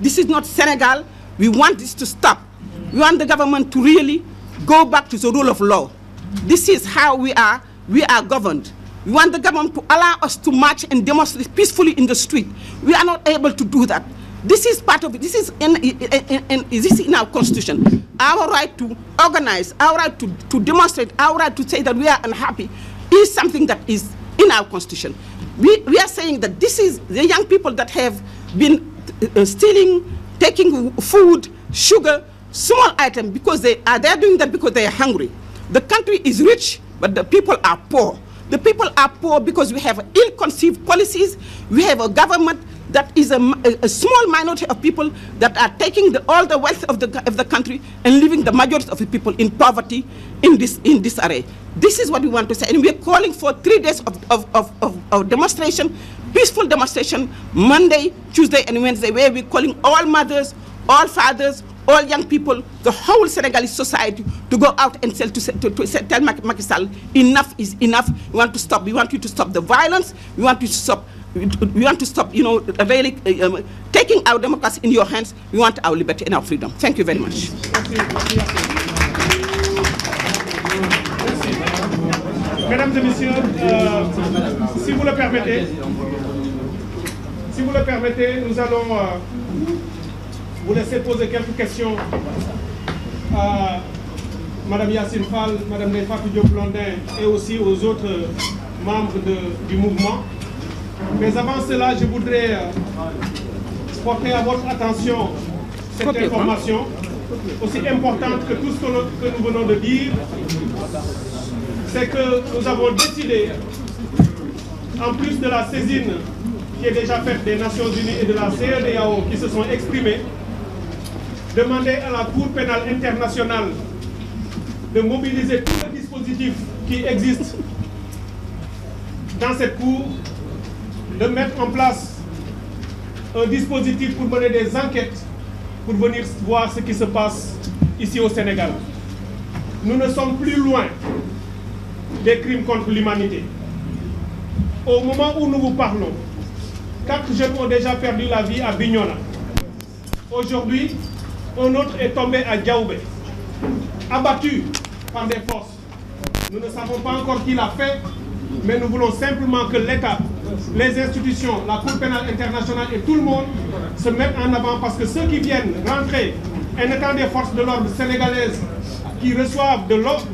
This is not Senegal. We want this to stop. We want the government to really go back to the rule of law. This is how we are, we are governed. We want the government to allow us to march and demonstrate peacefully in the street. We are not able to do that. This is part of it. This is in, in, in, this in our constitution. Our right to organize, our right to, to demonstrate, our right to say that we are unhappy is something that is in our constitution. We, we are saying that this is the young people that have been uh, stealing, taking food, sugar, small item because they are they are doing that because they are hungry. The country is rich, but the people are poor. The people are poor because we have ill-conceived policies. We have a government that is a, a, small minority of people that are taking the, all the wealth of the, of the country and leaving the majority of the people in poverty, in, this, in disarray. This is what we want to say. And we're calling for three days of, of, of, of, of demonstration, peaceful demonstration, Monday, Tuesday, and Wednesday, where we're calling all mothers, all fathers, all young people, the whole Senegalese society to go out and tell, to, to, to tell Macky Sall, enough is enough. We want to stop. We want you to stop the violence. We want you to stop we want to stop, you know, uh, um, taking our democracy in your hands. We want our liberty and freedom. Thank you very much. Mesdames et messieurs, euh, si vous le permettez, si vous le permettez, nous allons euh, vous laisser poser quelques questions à Madame Yacine Madame Nefa Diop-Blondin et aussi autres membres de, mouvement. Mais avant cela, je voudrais euh, porter à votre attention cette information aussi importante que tout ce que nous, venons de dire. C'est que nous avons décidé, en plus de la saisine qui est déjà faite des Nations Unies et de la CEDEAO qui se sont exprimées, demander à la Cour pénale internationale de mobiliser tout le dispositif qui existe dans cette Cour de mettre en place un dispositif pour mener des enquêtes pour venir voir ce qui se passe ici au Sénégal. Nous ne sommes plus loin des crimes contre l'humanité. Au moment où nous vous parlons, quatre jeunes ont déjà perdu la vie à Bignona. Aujourd'hui, un autre est tombé à Diaoubé, abattu par des forces. Nous ne savons pas encore qui l'a fait, mais nous voulons simplement que l'État les institutions, la Cour pénale internationale et tout le monde se mettent en avant parce que ceux qui viennent rentrer en étant des forces de l'ordre sénégalaises qui reçoivent de l'ordre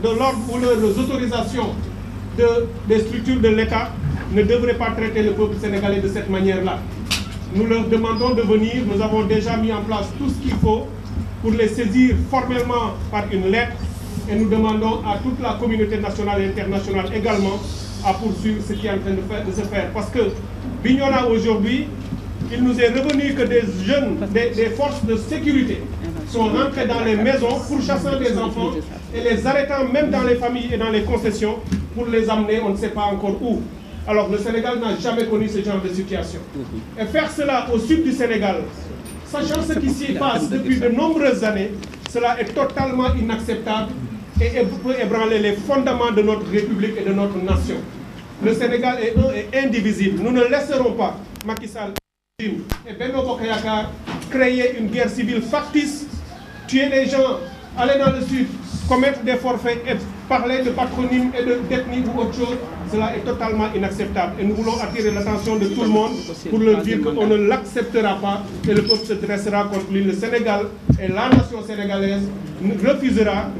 ou leurs autorisations de, des structures de l'État ne devraient pas traiter le peuple sénégalais de cette manière-là. Nous leur demandons de venir, nous avons déjà mis en place tout ce qu'il faut pour les saisir formellement par une lettre et nous demandons à toute la communauté nationale à poursuivre Parce que Bignona aujourd'hui, il nous est revenu que des jeunes, des, des, forces de sécurité sont rentrés dans les maisons pour chasser les enfants et les arrêtant même dans les familles et dans les concessions pour les amener, on ne sait pas encore où. Alors le Sénégal n'a jamais connu ce genre de situation. Et faire cela au sud du Sénégal, sachant ce qui s'y passe depuis de nombreuses années, cela est totalement inacceptable et peut ébranler les fondements de notre République et de notre nation. Le Sénégal est indivisible. Nous ne laisserons pas Macky et Benno Bokk créer une guerre civile factice, tuer des gens aller dans le sud, commettre des forfaits et parler de patronyme et de technique ou autre chose, cela est totalement inacceptable. Et nous voulons attirer l'attention de tout le monde pour leur dire qu'on ne l'acceptera pas et le peuple se dressera contre Le Sénégal et la nation sénégalaise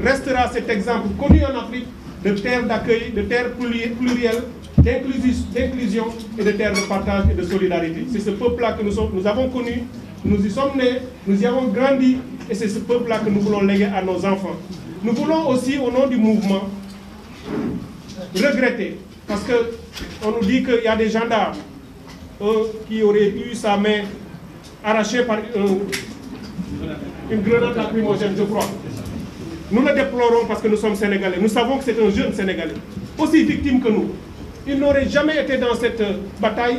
restera cet exemple connu en Afrique de terre d'accueil, de terre plurielle, d'inclusion et de terre de partage et de solidarité. C'est ce peuple-là que nous avons connu Nous y sommes nés, nous y avons grandi, et c'est ce peuple-là que nous voulons léguer à nos enfants. Nous voulons aussi, au nom du mouvement, regretter, parce qu'on nous dit qu'il y a des gendarmes qui auraient eu sa main arrachée par euh, une grenade lacrymogène, je crois. Nous le déplorons parce que nous sommes Sénégalais. Nous savons que c'est un jeune Sénégalais, aussi victime que nous. Il n'aurait jamais été dans cette euh, bataille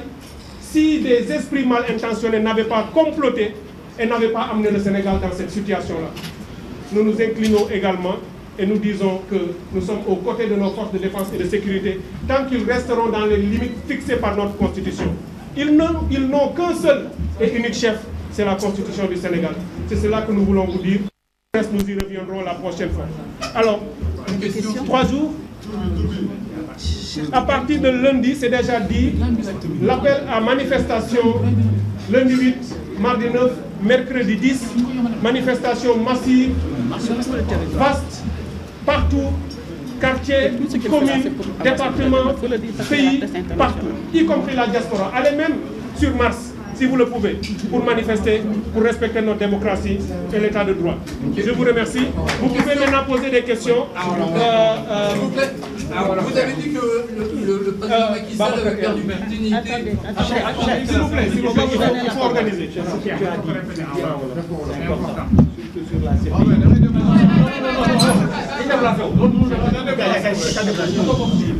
si des esprits mal intentionnés n'avaient pas comploté et n'avaient pas amené le Sénégal dans cette situation-là. Nous nous inclinons également et nous disons que nous sommes aux côtés de nos forces de défense et de sécurité tant qu'ils resteront dans les limites fixées par notre Constitution. Ils n'ont qu'un seul et unique chef, c'est la Constitution du Sénégal. C'est cela que nous voulons vous dire. Nous y reviendrons la prochaine fois. Alors, trois À partir de lundi, c'est déjà dit, l'appel à manifestation lundi 8, mardi 9, mercredi manifestation massive, vaste, partout, quartier, commune, département, pays, partout, y compris la diaspora. Allez même sur Mars. si vous le pouvez, pour manifester, pour respecter notre démocratie et l'état de droit. Je vous remercie. Vous pouvez maintenant poser des questions. Euh, euh, S'il vous plaît. Vous avez dit que le, le, le président Macky Sall avait perdu toute dignité. S'il vous plaît, s'il vous plaît, il faut organiser.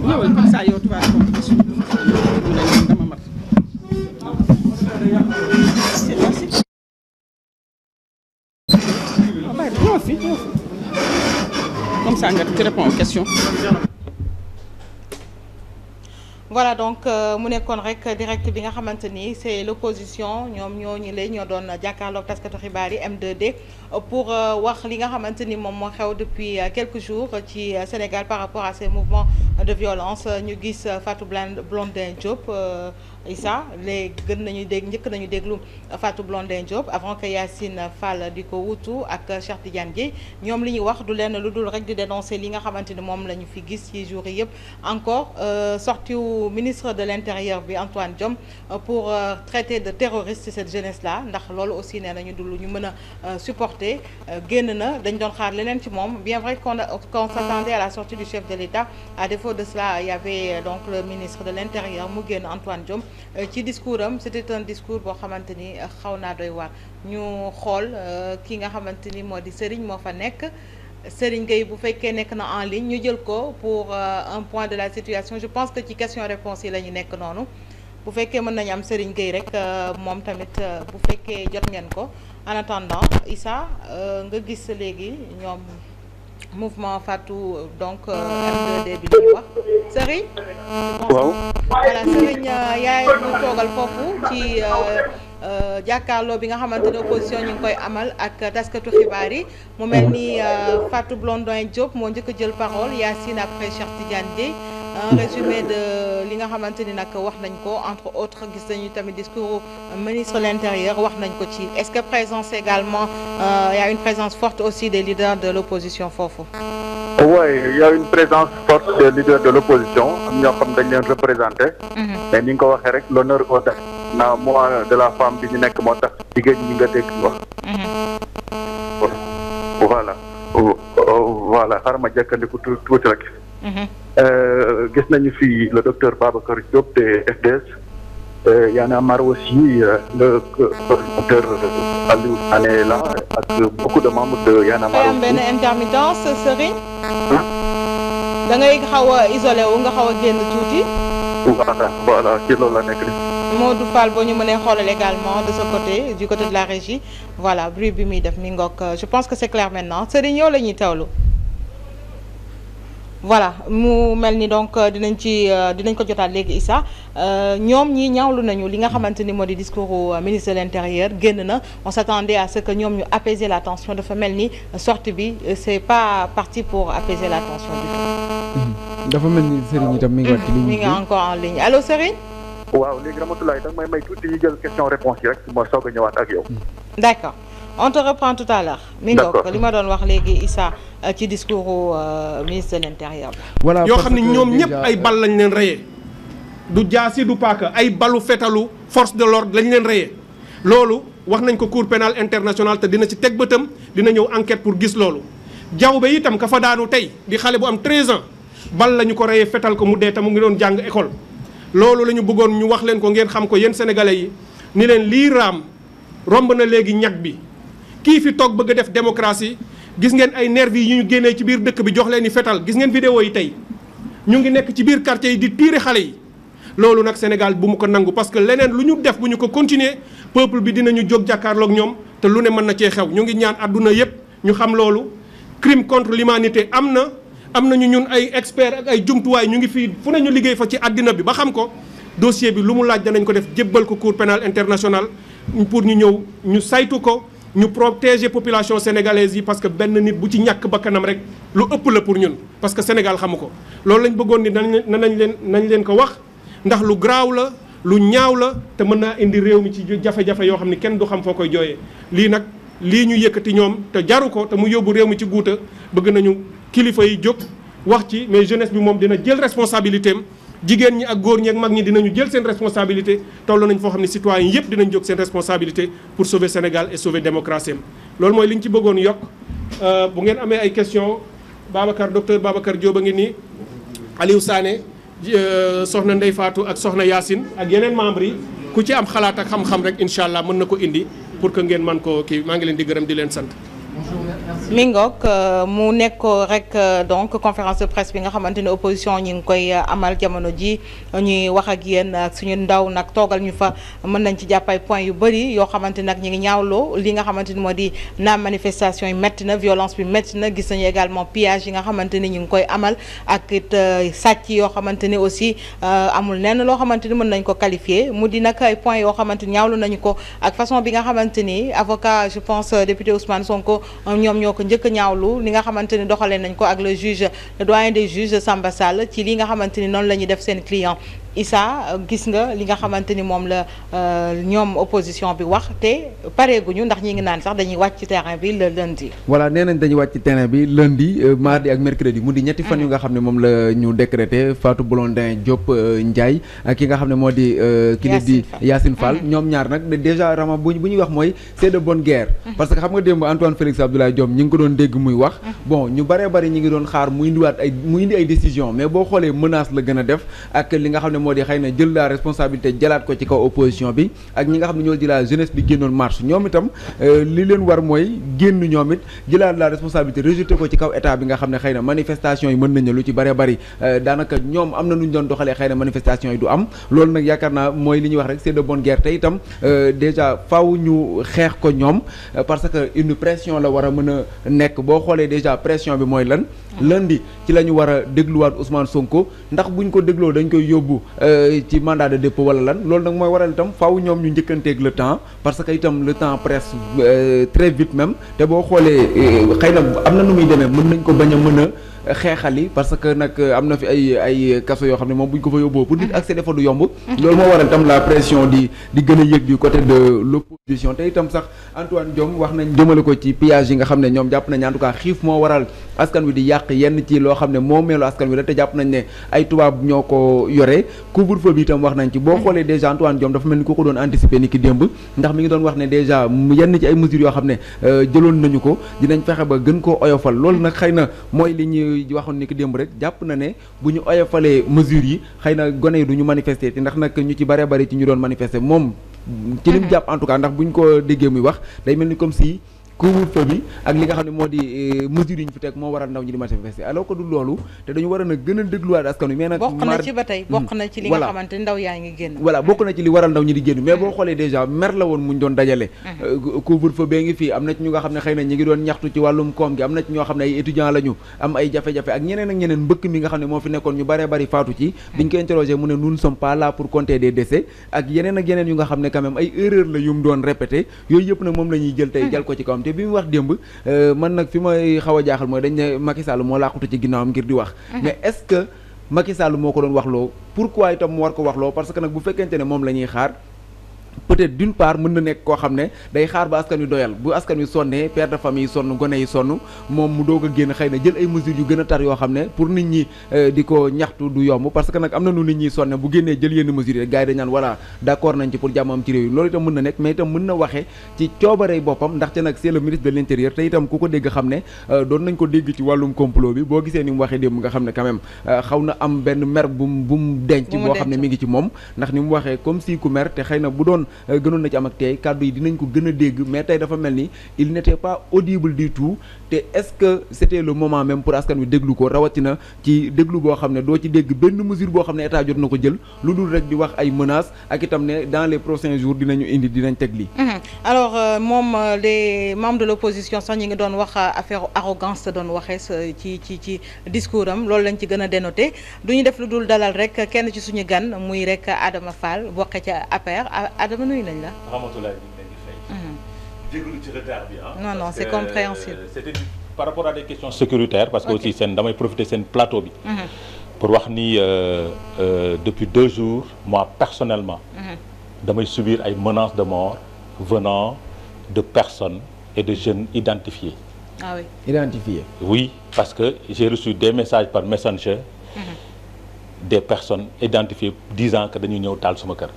Non, comme ça, il y a fii ñëw fi comme voilà donc euh, mu nekkoon rek direct bi nga xamante ni c'est l'opposition ñoom ñoo ñu lay ñoo doon jàkkaarloog taskatu xibaar yi m d pour euh, wax li nga xamante ni moom moo xew depuis euh, quelques jours ci Sénégal par rapport à ces mouvements de violence ñu gis Fatou Blondin Diop Issa léegi gën nañu dégg njëkk nañu déglu Fatou Blondin Diop avant que Yacine Fall di ko wutu ak Cheikh Tidiane Dièye ñoom li ñuy wax du leen lu dul rek di dénoncer li nga xamante ni moom la ñu fi gis ci jour yi yëpp encore euh, sorti wu ministre de l'intérieur bi Antoine jom euh, pour euh, traiter de terroriste cette jeunesse là ndax loolu aussi nee nañu du lu ñu mën a supporter génn na dañu doon xaar leneen ci moom bien vrai qu'on qu'on s'attendait à la sortie du chef de l'État à défaut le ministre de l'intérieur mu génn Antoine Diome Euh, ci discours am c'était un discours boo xamante ni euh, xaw naa doy waar ñu xool euh, ki nga xamante ni moo di Serigne moo fa nekk Serigne Gueye bu fekkee nekk na en ligne ñu jël ko pour un point de la situation je pense que ci question réponse yi la ñu nekk noonu bu fekkee mën nañu am Serigne Gueye rek moom tamit bu fekkee jot ngeen ko en attendant Issa nga gis léegi ñoom mouvement Fatou donc M2D bi ñuy wax Serigne waaw voilà sëriñ yaay ñu toogal foofu ci euh, euh, jàkkaarloo bi nga xamante ne opposition ñu ngi koy amal ak taskatu xibaar yi mu mel ni euh, Fatou Blondin Diop moo njëkk a jël parole Yacine après Cheikh Tidiane Dieye un euh, résumé de li nga xamante ni nag wax nañ ko entre autres gis nañu tamit discours euh, ministre de l'intérieur wax nañ ko ci est-ce que présence également euh, y a une présence forte aussi des leaders de l'opposition foofu oui y a une présence forte des leaders de l'opposition am ñoo xam dañ leen représenté mhm. mais ni nga ko waxee rek l'honneur au def na mois de la femme bi ñu nekk moo tax jigéen ñi nga dégg wax mhm. voilà voilà xaaral ma jëkkandiku tuuti rek mhm. Euh, gis nañu fi le docteur Babacar Diop de FDS euh, Y'en a marre aussi euh, le docteur Aliou Sané est là ak beaucoup de membres de Y'en a marre benn intermittence Serigne da ngay xaw a isolé wu nga xaw a génn tuuti voilà ah, ah, voilà ci loolu la nekk Modou Fall boo ñu mënee xoolal également de ce côté du côté de la régie voilà bruit bi muy def mi ngoog je pense que c'est clair maintenant Serigne yow la ñuy tawlu voilà mu mel ni donc euh, dinañ ci euh, dinañ ko jotaat léegi Issa euh, ñoom ñi ñaawlu nañu li nga xamante ni moo di discours ministre de l'intérieur génn na on s'attendait à ce que ñoom ñu apaiser la tension dafa mel ni sortie bi c'est pas parti pour apaiser la tension du tout. Mhm. dafa mel ni Serigne itam mi ngi waat ci ligne bi mi ngi encore en ligne allo Serigne. waaw léegi Ramatoulaye danga may may tuuti ñu jël question réponse yi rek ma soog ñëwaat ak yow. d'accord. on te reprend tout à l'heure mi ngoog li ma doon wax léegi Issa euh, ci discours euh, ministre de l'intérieur voilà yoo xam ne ñoom ñëpp ay bal lañu leen reyee du jaasi du paaka ay balu fetalu force de lord lañ leen reyee loolu wax nañ ko cour pénale internationale te dina ci teg bëtam dina ñëw enquête pour gis loolu jawbe itam ka fa daanu tey di xale bu am 13 ans bal la ko reyee fetal ko mu dee tam mu ngi doon jàng école loolu lañu bëggoon ñu wax leen ko ngeen xam ko yéen sénégalais yi ni leen lii raam romb na léegi ñag bi kii fi toog bëgg a def démocratie gis ngeen ay nervi yi ñu génnee ci biir dëkk bi jox leen ni fetal gis ngeen vidéo yi tey ñu ngi nekk ci biir quartier yi di tiire xale yi loolu nag Sénégal bu mu ko nangu parce que leneen lu ñu def bu ñu ko continuer peuple bi dinañu jóg jàkkaarlook ñoom te lu ne mën na cee xew ñu ngi ñaan àdduna yépp ñu xam loolu crime contre l'humanité am na am na ñu ñun ay expert ak ay jumtuwaay ñu ngi fii fu ñu liggéey fa ci àddina bi ba xam ko dossier bi lu mu laaj danañ ko def jébbal ko cour international pour ñu ñëw ñu saytu ko ñu protéger population sénégalaise yi parce que benn nit bu ci ñàkk bakkanam rek lu ëpp la pour ñun parce que Sénégal xamu ko loolu lañ bëggoon ni nañ nañ leen nañ leen ko wax ndax lu garaaw la lu ñaaw la te mën naa indi réew mi ci jafe-jafe yoo xam ni kenn du xam foo koy jooye lii nag lii ñu yëkkati ñoom te jaru ko te mu yóbbu réew mi ci guuta bëgg nañu kilifa yi jóg wax ci mais jeunesse bi moom dina jël responsabilité jigéen ñi ak góor ñi mag ñi dinañu jël seen responsabilité toll nañ foo xam ne citoyen yëpp dinañ jóg seen responsabilité pour sauver Sénégal et sauver démocratie am loolu mooy li ñu ci bëggoon yokk euh, bu ngeen amee ay question Babacar docteur Babacar Diop a ngi nii Aliou Sané euh, soxna Ndey Fatou ak soxna Yacine ak yeneen membre yi ku ci am xalaat ak xam-xam rek incha allah mën na ko indi pour que ngeen man ko kii maa ngi leen di gërëm di leen sant mi ngoog euh, mu nekk rek euh, donc conférence de presse bi nga xamante ne opposition ñi ngi koy euh, amal jamono ji ñuy wax ak yéen ak suñu ndaw nag toogal ñu fa mën nañ ci jàppay point yu bëri yoo xamante nag ñu ngi ñaawloo li nga xamante ni moo di naa manifestation yi métti na violence bi métti na gis nañu également pillage yi nga xamante ni ñu ngi koy amal ak it sàcc yoo xamante ni aussi amul nenn loo xamante ni mën nañ ko qualifier mu di nag ay point yoo xamante ni ñaawlu nañu ko ak façon bi nga xamante ni avocat je pense député Ousmane Sonko ñoom ñoo ñoo ko njëkk ñaawlu li nga xamante ni doxalee nañ ko ak le juge le doyen des juges Samba Sall ci li nga xamante ni noonu la ñuy def seen client Issa gis nga li nga xamante ni moom la euh, ñoom opposition bi wax te ñu ndax ñi ngi naan sax dañuy wàcc ci terrain bi le lundi. voilà nee nañ dañuy wàcc ci terrain bi lundi euh, mardi ak mercredi mu di ñetti fan mm. yu nga xam ne moom la ñu décrété Fatou Blondin Diop euh, Ndiaye ak ki nga xam ne moo di. kii di Yacine Fall mm. ñoom ñaar nag déjà rama bu bu ñuy wax mooy c'est de guerre. Mm. parce que xam nga démb Antoine Félix Abdoulaye Diome ñi ngi ko doon dégg muy wax. bon ñu baree bari ñi doon xaar mu indiwaat ay décision mais boo xoolee menace la gën a def moo di xëy na jël la responsabilité jëlaat ko ci kaw opposition bi ak ñi nga xam ne ñoo di la jeunesse bi génnoon marche ñoom itam euh, li leen war mooy génn ñoom it jëlaat la responsabilité rejeté ko ci kaw état bi nga xam ne xëy na manifestation yi mën nañu lu ci bëree bëri euh, daanaka ñoom am na nu ñu doon doxalee xëy na manifestation yi du am loolu nag yaakaar naa mooy li ñuy wax rek c'est de bonne guerre te itam euh, déjà faw ñu xeex ko ñoom parce que une pression la war a mën a nekk boo xoolee déjà pression bi mooy lan mm. lundi ci la ñu war a dégluwaat Ousmane Sonko ndax buñ ko dégloo dañ Euh, ci mandat de dépôt wala lan loolu nag mooy waral itam faw ñoom ñu njëkkanteeg le temps parce que itam le temps presse euh, très vite même te boo xoolee euh, xëy na am na nu muy demee mën nañ ko bañ a mën a xeexali parce que nag euh, am na fi ay ay kaso yoo xam ne moom bu ñu ko fa yóbboo pour nit mhm. accéder fa du yomb mhm. loolu moo waral tam la pression di di a yëg du côté de l'opposition te itam sax Antoine Diome wax nañ ko ci pillage yi nga xam ne ñoom jàpp nañ en tout cas xiif moo waral askan wi loo xam ne moo meelu askan wi la te jàpp nañ ne ay ko yore couvre-feu bi itam wax nañ boo mhm. xoolee déjà Antoine Diome dafa mel ni ku ko doon anticiper ni ki démb ndax mi ngi doon wax ne déjà yenn ci ay mesures yoo xam ne euh, jëloon nañu ko dinañ fexe ba gën koo oyofal loolu nag xay na mooy li ñu waxoon ni ki démb rek jàpp na ne bu ñu oyofalee mesures yi xëy na gone yi du ñu manifester te ndax nag ñu ci bare bari ci ñu doon manifester moom. ci lim mhm. jàpp en tout cas ndax bu ñu ko déggee muy wax day mel ni comme si. couvre-feu bi ak li nga xam ne moo di euh, mesures fi teg moo waral ndaw ñi di manifester alors que du loolu te dañu war a na ci ba tey bokk na bokk na ci li mhm. euh, nga xam ne xëy na ñi ngi doon mbëkk mi nga xam ne moo fi nekkoon ñu bare bari faatu ci mhm. biñ ko interrogé mu ne nous ne sommes pour compter des décès ak yeneen ak yeneen yu nga xam ne quand ay erreur la yu mu doon répété yooyu yëpp nag moom la jël tey mhm. jal ko ci kawam bi mu wax démb euh, man nag fi may xaw a jaaxal mooy dañ ne Macky moo moo laaqutu ci ginnaaw ginnaawam ngir di wax. Mhm. mais est-ce que Macky Sall moo ko doon waxloo pourquoi itam mu war ko waxloo parce que nag bu fekkente ne moom la ñuy xaar. peut-être d'une part mën na nekk koo xam ne day xaar ba askan wi doyal bu askan wi sonnee père de famille sonn gone yi sonn moom mu doog a génn xëy na jël ay mesures yu gën a tar yoo xam ne pour nit ñi euh, di ko ñaxtu du yomb parce que nag am na nu nit ñi sonne bu génnee jël yenn mesures yi rek gars yi dañ nañ ci pour jàmm ci réew yi loolu itam mën na nekk mais itam mën na waxee ci coobarey boppam ndaxte nag c'est ministre de l'intérieur euh, boo gisee ni mu waxee démb nga xam ne euh, xam ne mi ngi ci moom ndax mu waxee comme si xëy na bu doon doon euh, gënoon na ci am ak tey kàddu yi dinañ ko gën a dégg mais tey dafa mel ni il n'était pas audible du tout te est-ce que moment même pour askan wi déglu ko rawatina ci déglu boo xam ne doo ci dégg benn mesure boo xam ne état na ko jël lu dul rek di wax ay menaces ak itam ne dans les prochains jours dinañu indi dinañ teg lii. alors euh, moom euh, les membres de l'opposition sax ngi doon wax euh, affaire arrogance doon waxee ci ci discours am loolu lañ ci gën a Adama nuyu nañ la. Rahmatoulaye ñu ngi leen di mhm. c'est compréhensible. Euh, par rapport à des parce que aussi seen damay profiter seen plateau bi. Mhm. pour wax ni euh, euh, depuis deux jours moi personnellement. Mhm. damay subir ay menaces de mort venant de personnes et de jeunes identifiés. ah oui parce que j'ai reçu des messages par Messenger. des personnes identifiées disant que dañu ñëw taal sama kër.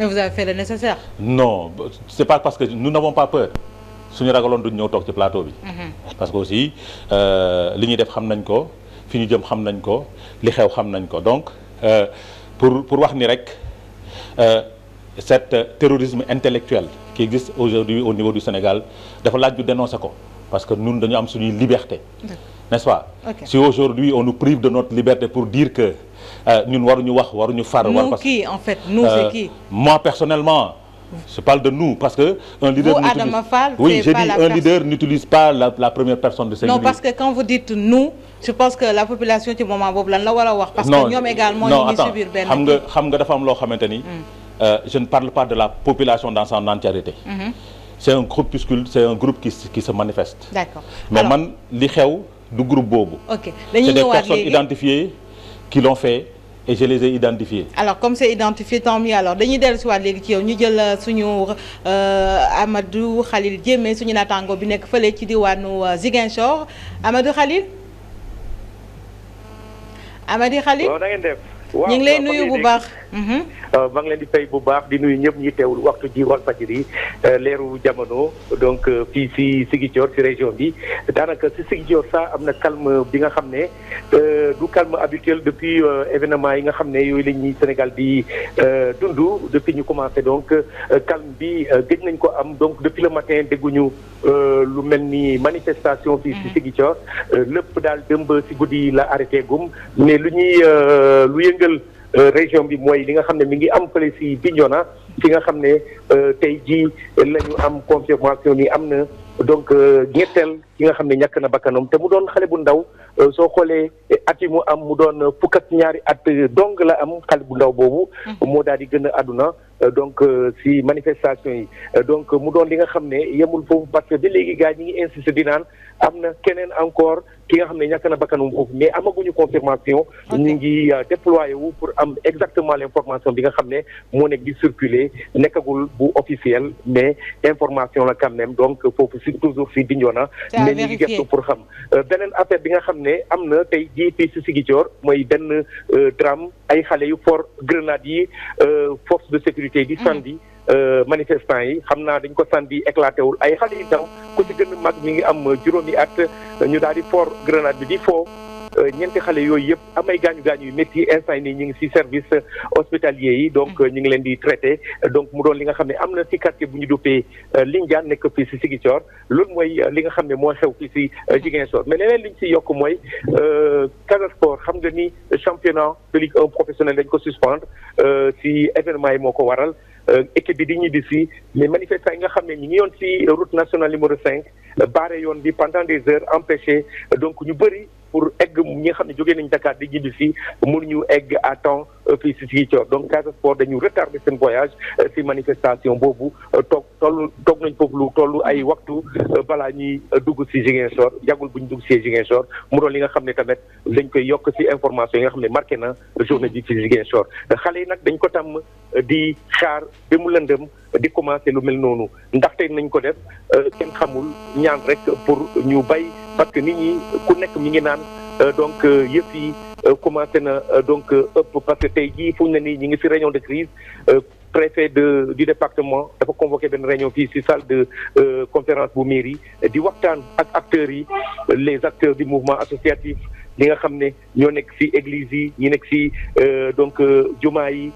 mais vous avez fait le nécessaire. non c'est pas parce que nous n'avons pas peur suñu ragaloon duñ ñëw toog ci plateau bi. Mm-hmm. parce que aussi euh, li ñuy def xam nañ ko fi ñu jëm xam nañ ko li xew xam nañ ko donc euh, pour pour wax ni rek euh, cet terrorisme intellectuel qui existe aujourd'hui au niveau du Sénégal dafa laaj ñu dénoncer ko parce que ñun dañu am suñuy liberté. n'est-ce pas. si aujourd'hui on nous prive de notre liberté pour dire que. Euh, ñun waruñu wax waruñu far. war parce que nous qui euh, c'est qui. moi personnellement. parce que. un leader vous, Adama Fall, oui j'ai dit n'utilise pas la première personne de singulier. non parce que quand vous dites nous la population ci moment boobu lan la war wax. parce que ñoom également ñu ngi subir benn non xam am loo xamante ni. Hmm. Euh, je ne parle pas de la population dans son entièreté. Hmm. c'est un groupuscule c'est un groupe qui qui se manifeste. mais man li xew du groupe boobu. c'est des personnes identifiées. qui l'ont fait et je les ai identifiés. alors comme c'est identifié tant mieux alors dañuy dellu waat léegi ci yow ñu jël euh, suñu euh, Amadou Khalil Diémé suñu naataango bi nekk fële ci diwaanu euh, Ziguinchor Amadou Khalil. Amady Khalil ñu ngi lay nuyu bu baax. Mm-hmm. Euh, maa ngi leen di fay bu baax di nuyu ñëpp ñi teewul waxtu ji Walfadjri euh, leeru jamono donc euh, fii si Ziguinchor ci région bi daanaka si Ziguinchor sax am na calme bi nga xam ne du calme habituel depuis événement yi nga xam ne yooyu la ñuy Sénégal di dund depuis ñu commencé donc calme bi gëj nañ ko am donc depuis le matin dégguñu lu mel ni manifestation fii si mm-hmm. Ziguinchor lépp daal dëmb si guddi la arrêté gum mais lu ñuy lu yëngal Euh, région bi mooy li nga xam ne mi ngi am fële si Bignona fi nga xam ne euh, tey jii la am confirmation ni am na donc euh, ñetteel ki nga xam ne ñàkk na bakkanam te mu doon xale bu ndaw Euh, soo xoolee eh, at yi mu am mu doon euh, fukk ñaari at euh, dong la am xale bu ndaw boobu mm-hmm. moo daal di gën a àdduna donc si manifestation yi donc mu doon li nga xam ne yemul foofu parce que ba léegi gars ñu ngi insisté di naan am na keneen encore ki nga xam ne ñàkk na bakkanam foofu mais amaguñu confirmation ñu ngi déployé wu pour am exactement l' information bi nga xam ne moo nekk di circuler nekkagul bu officiel mais information la quand même donc foofu si toujours si am na tey jii fii si Ziguinchor mooy benn euh, drame ay xale yu for grenade yi euh, force de sécurité di mm-hmm. sandi euh, manifestant yi xam naa dañ ko sandi éclaté wul ay xale yu ndaw ku si gën mag mi ngi am juróomi at ñu daal di fort grenade bi di fo Euh, ñeenti xale yooyu yëpp amay gaañu gaañu yu métti instant yi nii ñu ngi si service euh, hospitalier yi donc mm-hmm. euh, ñu ngi leen di traité donc mu doon li nga xam ne am na si quartier bu ñu duppee Lindiane nekk fii si Ziguinchor loolu mooy li nga xam ne moo xew fii si mm-hmm. Ziguinchor mais leneen liñ si yokk mooy Casa Sport xam nga ni championnat de Ligue 1 professionnel dañ ko suspendre si événement yi moo ko waral équipe bi di ñibbi si mais manifestants yi nga xam ne ñu ngi yoon si route nationale numéro cinq barré yoon bi pendant des heures empêché donc ñu bëri pour egg ñi nga xam ne jógee nañ Dakar di ñibbi si ñu egg à temps euh, fii si si Thior donc Casa Sport dañu retardé seen voyage euh, si manifestation boobu euh, toog toll toog nañ foofu lu toll ay waxtu balaa ñuy dugg si Ziguinchor yàggul bu ñu dugg si Ziguinchor mu doon li nga xam ne tamit dañ koy yokk si information yi nga xam ne marqué na journée bi si Ziguinchor xale yi nag dañ ko tàmm di xaar ba mu lëndëm di commencé lu mel noonu ndaxte nañ ko def kenn xamul ñaan rek pour ñu bay parce que nit ñi ku nekk mi ngi naan euh, donc euh, yëpp yi euh, commencé na donc ëpp parce que tey jii fu na ne nii ñu ngi ci réunion de crise préfet de du département dafa convoqué benn réunion fii si salle de conférence bu mairie di waxtaan ak acteurs yi les acteurs du mouvement associatif li nga xam ne ñoo nekk ci église yi ñi nekk ci donc jumaa yi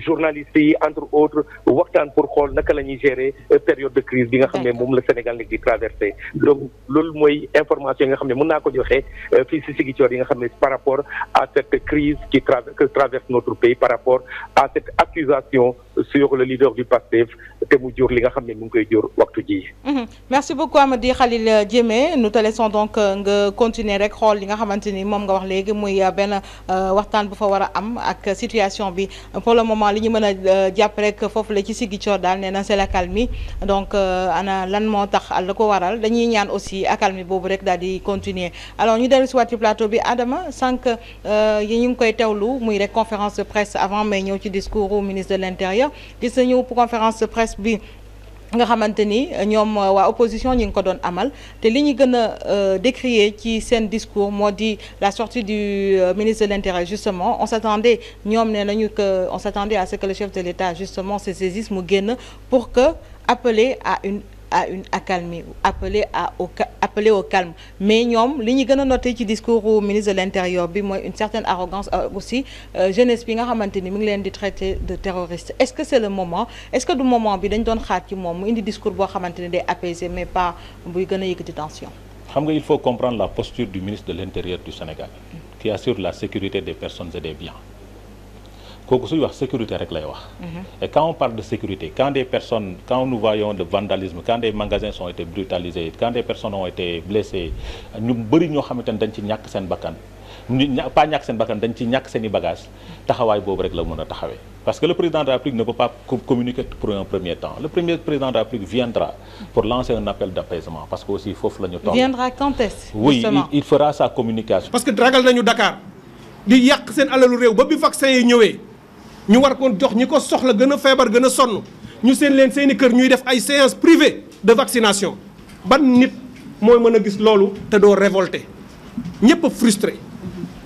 journalistes yi entre autres waxtaan pour xool naka la ñuy gérer euh, période de crise bi nga xam ne moom la Sénégal nekk di traversé donc loolu mooy information yi nga xam ne mën naa ko joxe euh, fii si Ziguinchor yi nga xam ne par rapport à cette crise qui traverse notre pays par rapport à cette accusation sur le leader du PASTEF te mu jur li nga xam ne mu ngi koy jur waxtu ji. Mhm. merci beaucoup Amady Khalil Diémé nous te laissons donc euh, nga continuer rek xool li nga xamante ni moom nga wax léegi muy euh, benn euh, waxtaan bu fa war am ak situation bi pour le moment li ñu mën a jàpp rek foofu la ci Ziguinchor daal nee na c'est l'accalmie donc ana lan moo tax la ko waral dañuy ñaan aussi accalmie boobu rek daal di continuer alors ñu dellu si waat plateau bi Adama sànq yi koy teewlu muy rek conférence de yooya gis nañu conférence de presse bi nga xamante ni euh, ñoom euh, waa opposition ñi ngi ko doon amal te li ñu gën a euh, décrier ci seen discours moo di la sortie du ministre de l'Intérieur justement on s'attendait ñoom ne nañu que on s'attendait à ce que le chef de l'État justement se saisisse mu génn pour que appeler à une à une accalmie appelé à au appelé calme mais ñoom li ñu gën a noté ci discours au ministre de l'intérieur bi mooy une certaine arrogance euh, aussi euh, jeunesse bi nga xamante ni mu ngi leen di traité de terroriste est-ce que c'est le moment est-ce que du moment bi dañ doon xaar ci moom mu indi discours boo xamante ni day apaiser mais pas buy gën a yëkkati tension. xam nga il faut comprendre la posture du ministre de l'intérieur du Sénégal qui assure la sécurité des personnes et des kooku suy wax sécurité rek lay wax quand on parle de sécurité quand des personnes quand nous voyons le vandalisme quand des magasins ont été brutalisés quand des personnes ont été blessées ñu bëri ñoo xamante ne dañ ci ñàkk seen bakkan pas ñàkk seen bakkan dañ ci ñàkk seen bagage taxawaay boobu rek la mën a taxawee parce que le président de la ne peut pas communiquer premier temps le premier président de la viendra pour lancer un appel d'apaisement ñu war koon jox ñi ko soxla gën a feebar gën a sonn ñu seen leen seen i kër ñuy def ay séance privée de vaccination ban nit mooy mën a gis loolu te doo révolté ñëpp a frustré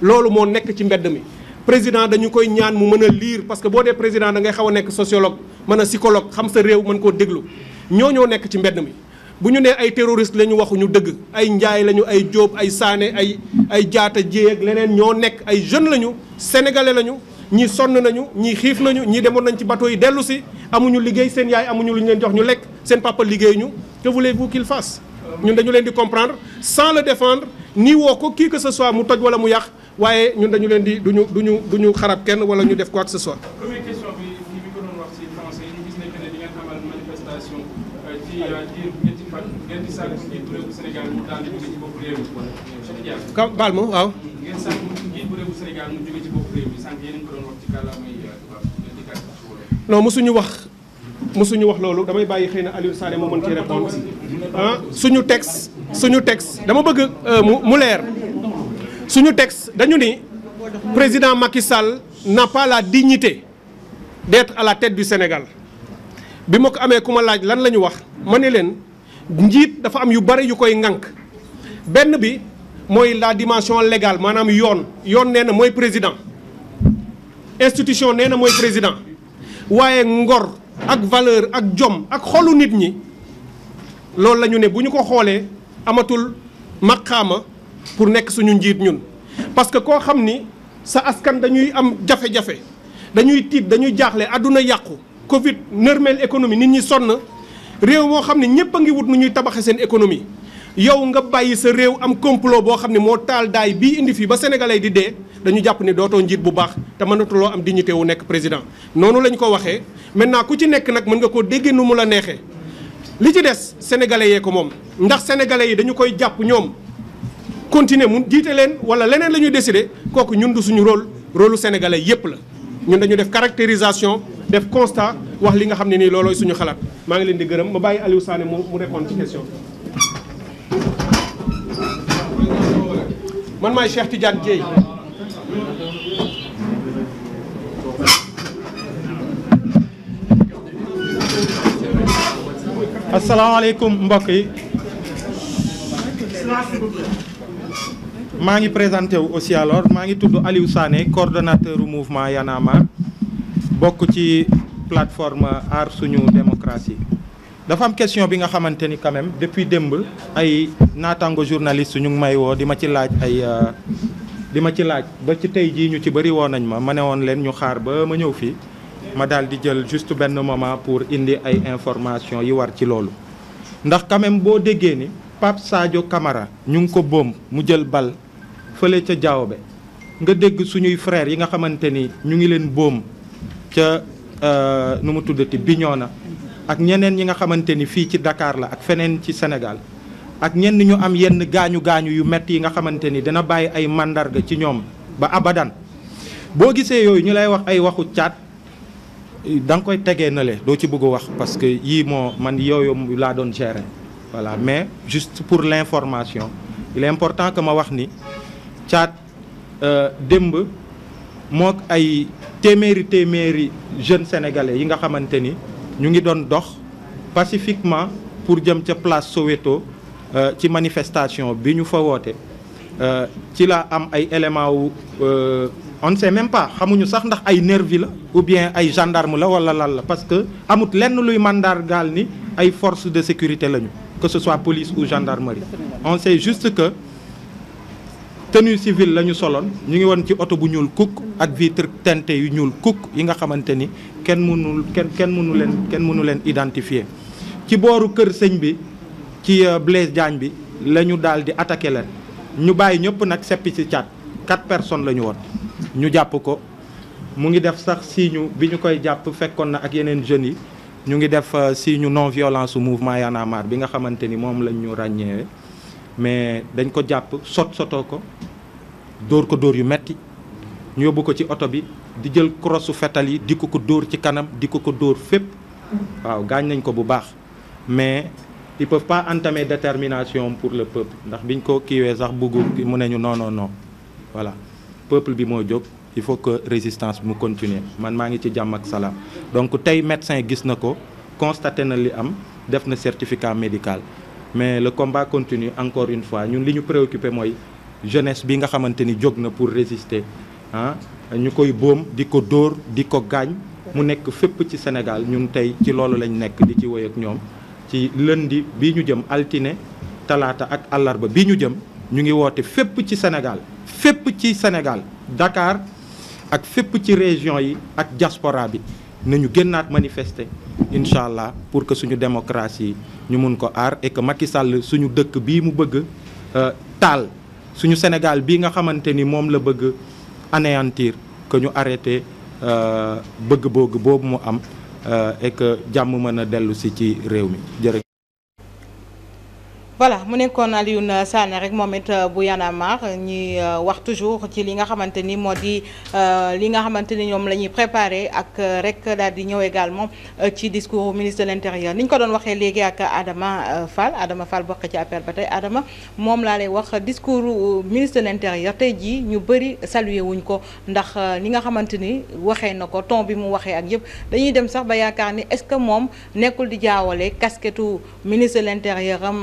loolu moo nekk ci mbedd mi président dañu koy ñaan mu mën a lire parce que boo dee président da ngay xaw a nekk sociologue mën a psychologue xam sa réew mën koo déglu ñoo ñoo nekk ci mbedd mi bu ñu nee ay terroriste la ñu waxuñu dëgg ay njaay lañu ay jóob ay saane ay ay jaata jéeg leneen ñoo nekk ay jeune lañu sénégalais lañu ñii sonn nañu ñii xiif nañu ñii demoon nañ ci bato yi dellu si amuñu liggéey seen yaay amuñu lu ñu leen jox ñu lekk seen papa liggéey ñu que voulez-vous qu'il fasse ñun dañu leen di comprendre sans le défendre ni woo ko kii que ce soit mu toj wala mu yàq waaye ñun dañu leen di duñu duñu duñu xarab kenn wala ñu def ko doon wax ci français ñu gis nañ que ne di ngeen amal manifestation euh, ci euh, diir ñetti fan ngeen non mosuñu wax mosuñu wax loolu damay bàyyi xëy na Aliou Sané moo mën ci répondre ah suñu texte suñu texte dama bëgg euh, mu leer suñu texte dañu ni président Macky Sall n'a pas la dignité d'être à du Sénégal bi ma ko amee ku laaj lan la ñu wax ma ne leen njiit dafa am yu bari yu koy ŋànk benn bi mooy la dimension légale maanaam yoon yoon nee na mooy président institution nee na mooy président waaye ngor ak valeur ak jom ak xolu nit ñi loolu la ñu ne bu ñu ko xoolee amatul maqaama pour nekk suñu njiit ñun parce que koo xam ni sa askan dañuy am jafe-jafe dañuy tiit dañuy jaaxle àdduna yàqu Covid nërmeel économie nit ñi sonn réew moo xam ne ñëpp a ngi wut nu ñuy tabaxe seen économie yow nga bàyyi sa réew am complot boo xam ne moo taal daay bii indi fii ba sénégalais di dee dañu jàpp ni dootoo njiit bu baax te mënatuloo am dignité wu nekk président noonu lañ ko waxee maintenant ku ci nekk nag mën nga koo déggee nu mu la neexee li ci des sénégalais yee ko moom ndax sénégalais yi dañu koy jàpp ñoom continuer mu jiite leen wala leneen la ñuy décider kooku ñun du suñu rool rôlu sénégalais yépp la ñun dañu def caractérisation def constat wax li nga xam ne nii loolooy suñu xalaat ngi leen di gërëm ma bàyyi Aliou Sané mu mu répondre ci man maay Cheikh Tidiane Dieye asalaamaaleykum mbokk yi maa ngi présenté wu aussi maa ngi tudd Aliou Sané coordonnateur u mouvement Y'en bokk ci plateforme Aar Sunu Démocratie dafa am question bi nga xamante ni quand même depuis démb ay naataango journaliste ñu may woo di ma ci laaj ay euh, di ma ci laaj ba ci tey jii ñu ci bëri woo nañ ma ma ne woon leen ñu xaar ba ma ñëw fii ma daal di jël juste benn moment pour indi ay information yi war ci loolu ndax quand boo déggee ni Pape Sadio kamara ñu ngi ko boom mu jël bal fële ca bi nga dégg suñuy frères yi nga xamante ni ñu ngi leen boom ca euh, nu mu tuddati na ak ñeneen ñi nga xamante ni fii ci dakaar la ak feneen ci Sénégal ak ñenn ñu am yenn gaañu gaañu yu métti yi nga xamante ni dina bàyyi ay màndarga ci ñoom ba abadan boo gisee yooyu ñu lay wax ay waxu caat da nga koy tegee na le doo ci bëgg wax parce que yii moo man yooyu laa doon gérer voilà mais juste pour l'information il important que ma wax ni caat euh, démb mook ay téeméeri téeméeri jeunes sénégalais yi nga xamante ni. ñu ngi doon dox pacifiquement pour jëm ca place Soweto euh, ci manifestation bi ñu fa woote euh, ci la am ay éléments wu euh, on ne sait même pas xamuñu sax ndax ay nervi la ou bien ay gendarme la wala lan la parce que amut lenn luy gaal ni ay force de sécurité lañu que ce soit police ou gendarmerie on sait juste que tenue civile la ñu soloon ñu ngi woon ci oto bu ñuul kukk ak vitre teintée yu ñuul kukk yi nga xamante ni kenn mënul kenn kenn mënu leen kenn mënu leen identifier ci booru kër sëñ bi ci euh, Blaise Diagne bi la ñu daal di attaqué leen ñu bàyyi ñëpp nag seppi ci caat quatre personnes la ñu woon ñu jàpp ko mu ngi def sax signe bi ñu koy jàpp fekkoon na ak yeneen jeunes yi ñu ngi def euh, signe non violence su mouvement Y bi nga xamante ni moom lañ ñu ràññeewee mais dañ ko jàpp sot sotoo ko dóor ko dóor yu metti ñu yóbbu ko ci oto bi di jël crossu fetal yi di ko ko dóor ci kanam di ko ko dóor fépp waaw gaañ nañ ko bu baax mais ils peuvent pas entamer détermination pour le peuple ndax biñ ko kiiwee sax bugg mu ne ñu non non voilà peuple bi moo jóg il faut que résistance mu continuer man maa ngi ci jàmm ak salaam donc tey médecin gis na ko constaté na li am def na certificat médical mais le combat continue encore une fois ñun li ñu préoccupé mooy jeunesse bi nga xamante ni jóg na pour résister ah ñu koy boom di ko dóor di ko gaañ mu nekk fépp ci Sénégal ñun tey ci loolu lañ nekk di ci woy ak ñoom ci lëndi bi ñu jëm altine talaata ak àllarba bi ñu jëm ñu ngi woote fépp ci Sénégal fépp ci Sénégal Dakar ak fépp ci région yi ak diaspora bi nañu génnaat manifester incha allah pour que suñu démocratie ñu mun ko aar et que suñu dëkk bii mu bëgg euh, taal suñu Sénégal bii nga xamante ni moom la bëgg anéantir que ñu arrêté euh, bëgg-bëgg boobu mu am euh, et que jàmm mën a dellu si ci réew mi jërëjëf voilà mu nekkoon Alioune sànni rek moom it euh, bu Y'en a marre ñi euh, wax toujours ci li nga xamante ni moo di euh, li nga xamante ni ñoom la ñuy préparé ak rek daal di ñëw également ci discours ministre de l'intérieur ni ñu ko doon waxee léegi ak Adama Fall Adama Fall bokk ci appel ba tey Adama moom laa lay wax discours ministre de l'intérieur tey jii ñu bëri saluer wuñ ko ndax ni nga xamante ni waxee na ko ton bi mu waxee ak yëpp dañuy dem sax ba yaakaar ni est-ce que moom nekkul di jaawale casquette ministre de l'intérieur am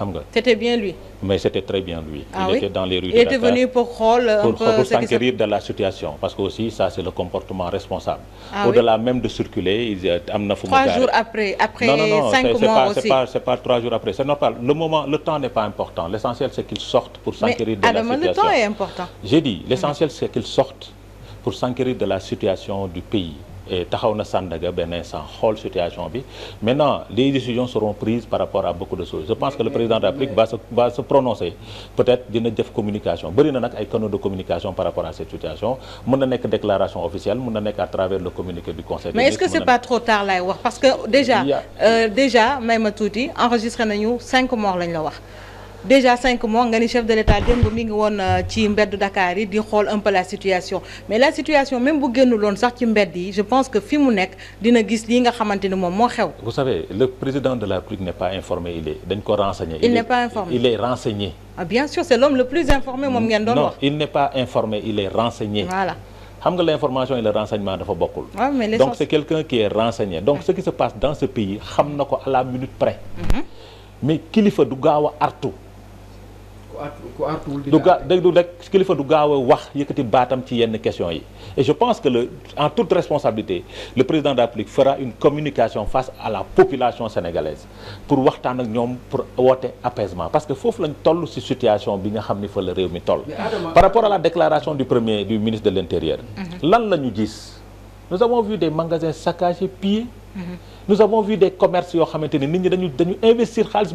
xam nga c'était bien lui. mais c'était très bien lui. ah il oui? était dans les rues de Dakar il était venu pour xool un peu pour s'enquérir de la situation. parce que aussi ça c'est le comportement responsable. Ah au-delà oui? même de circuler am na fu mu. trois jours après après non, non, non, cinq mois aussi non non c'est pas c'est pas trois jours après c'est normal le moment le temps n'est pas important l'essentiel c'est qu'il sorte pour s'enquérir de Adama, la situation mais le temps est important. j'ai dit l'essentiel c'est qu'il sorte pour s'enquérir de la situation du pays. et taxaw na Sandaga benn instant xool situation bi maintenant les décisions seront prises par rapport à beaucoup de choses je pense que le président de la République va se va se prononcer peut-être dina def communication bëri na nag ay canaux de communication par rapport à cette situation mën na nekk déclaration officielle mën na nekk à travers le communiqué du conseil. mais est-ce que c'est pas trop tard lay wax parce que déjà. Euh, may ma tuuti enregistré nañu cinq morts la wax. déjà cinq mois nga ni chef de l'état démb mi ngi woon euh, ci mbedd Dakar yi di xool un peu la situation mais la situation même bu loon sax ci mbedd yi je pense que fi mu nekk dina gis lii nga xamante ni moom moo xew. vous le président de la République n'est pas informé il est dañ ko renseigné. il n'est pas ah, bien sûr c'est l'homme le plus informé moom ngeen doon wax. non il n'est pas informé il est renseigné. xam nga l'information et le renseignement dafa bokkul. donc c'est quelqu'un qui est renseigné donc ce na ko à la minute mm-hmm. mais kilifa du gaaw a artu. ku artuwul du ga du rek kilifa du gaaw a wax yëkkati baatam ci yenn question yi et je pense que le en toute responsabilité le président de la République fera une communication face à la population sénégalaise pour waxtaan ak ñoom pour woote apaisement parce que foofu lañ toll ci situation bi nga xam ni fa la réew mi toll par rapport à la déclaration du premier du ministre de l'intérieur mhm. lan la ñu gis nous avons vu des magasins saccagés pillés mhm. nous avons ni nit ñi dañu dañu investir xaalis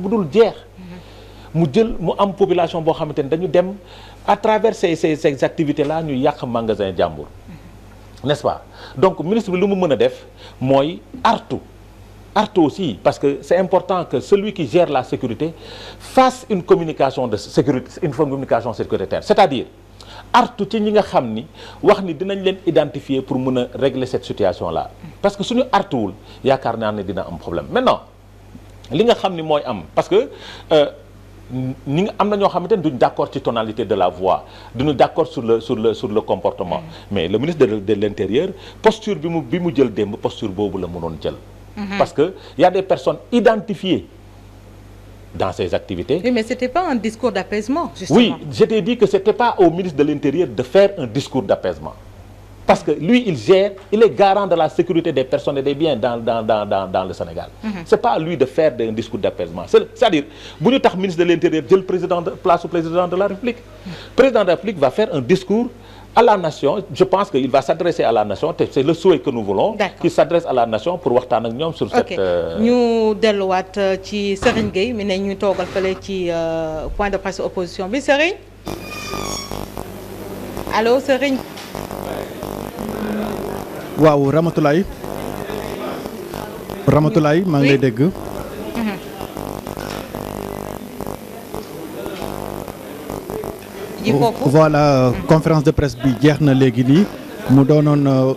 mu jël mu am population boo xamante ni dañu dem à travers ces ces ces activités là ñu yàq magasin jàmbur n'est-ce pas donc ministre bi lu mu mën a def mooy artu artu aussi parce que c'est important que celui qui gère la sécurité fasse une communication de sécurité une communication sécuritaire c'est-à-dire artu ci ñi nga xam ni wax ni dinañ leen identifier pour mën a régler cette situation la parce que suñu artuwul yaakaar naa ne dina am problème maintenant li nga xam ni mooy am ñi nga am na ñoo xamante ne duñ d'accord ci tonalité de la voix duñu d'accord sur le sur le comportement mm. mais le ministre de de l'intérieur posture bi mu bi mu jël démb posture boobu la mënoon jël mm-hmm. parce que y a des personnes identifiées dans ses activités. Oui, mais c'était pas un discours d'apaisement, Oui, je dit que c'était pas au ministre de l'Intérieur de faire un discours d'apaisement. parce que lui il gère il est garant de la sécurité des personnes et des biens dans dans dans dans, dans le Sénégal. Mm -hmm. c'est pas à lui de faire un discours d'apaisement c'est à dire bu ñu ministre de l'intérieur jël président place au président de la République. Mhm. président de la République va faire un discours. à la nation que il va s'adresser à la nation te c'est le souhait que nous voulons qu'il s'adresse à la nation pour waxtaan ak ñoom euh, delluwaat euh, ci Serigne mi ne ñu toogal fële ci euh, point de presse opposition bi Serigne allo Serigne waaw Ramatoulaye ramatulaay maa ngi dégg. Oh, voilà conférence de presse bi jeex na léegi nii mu doonoon euh,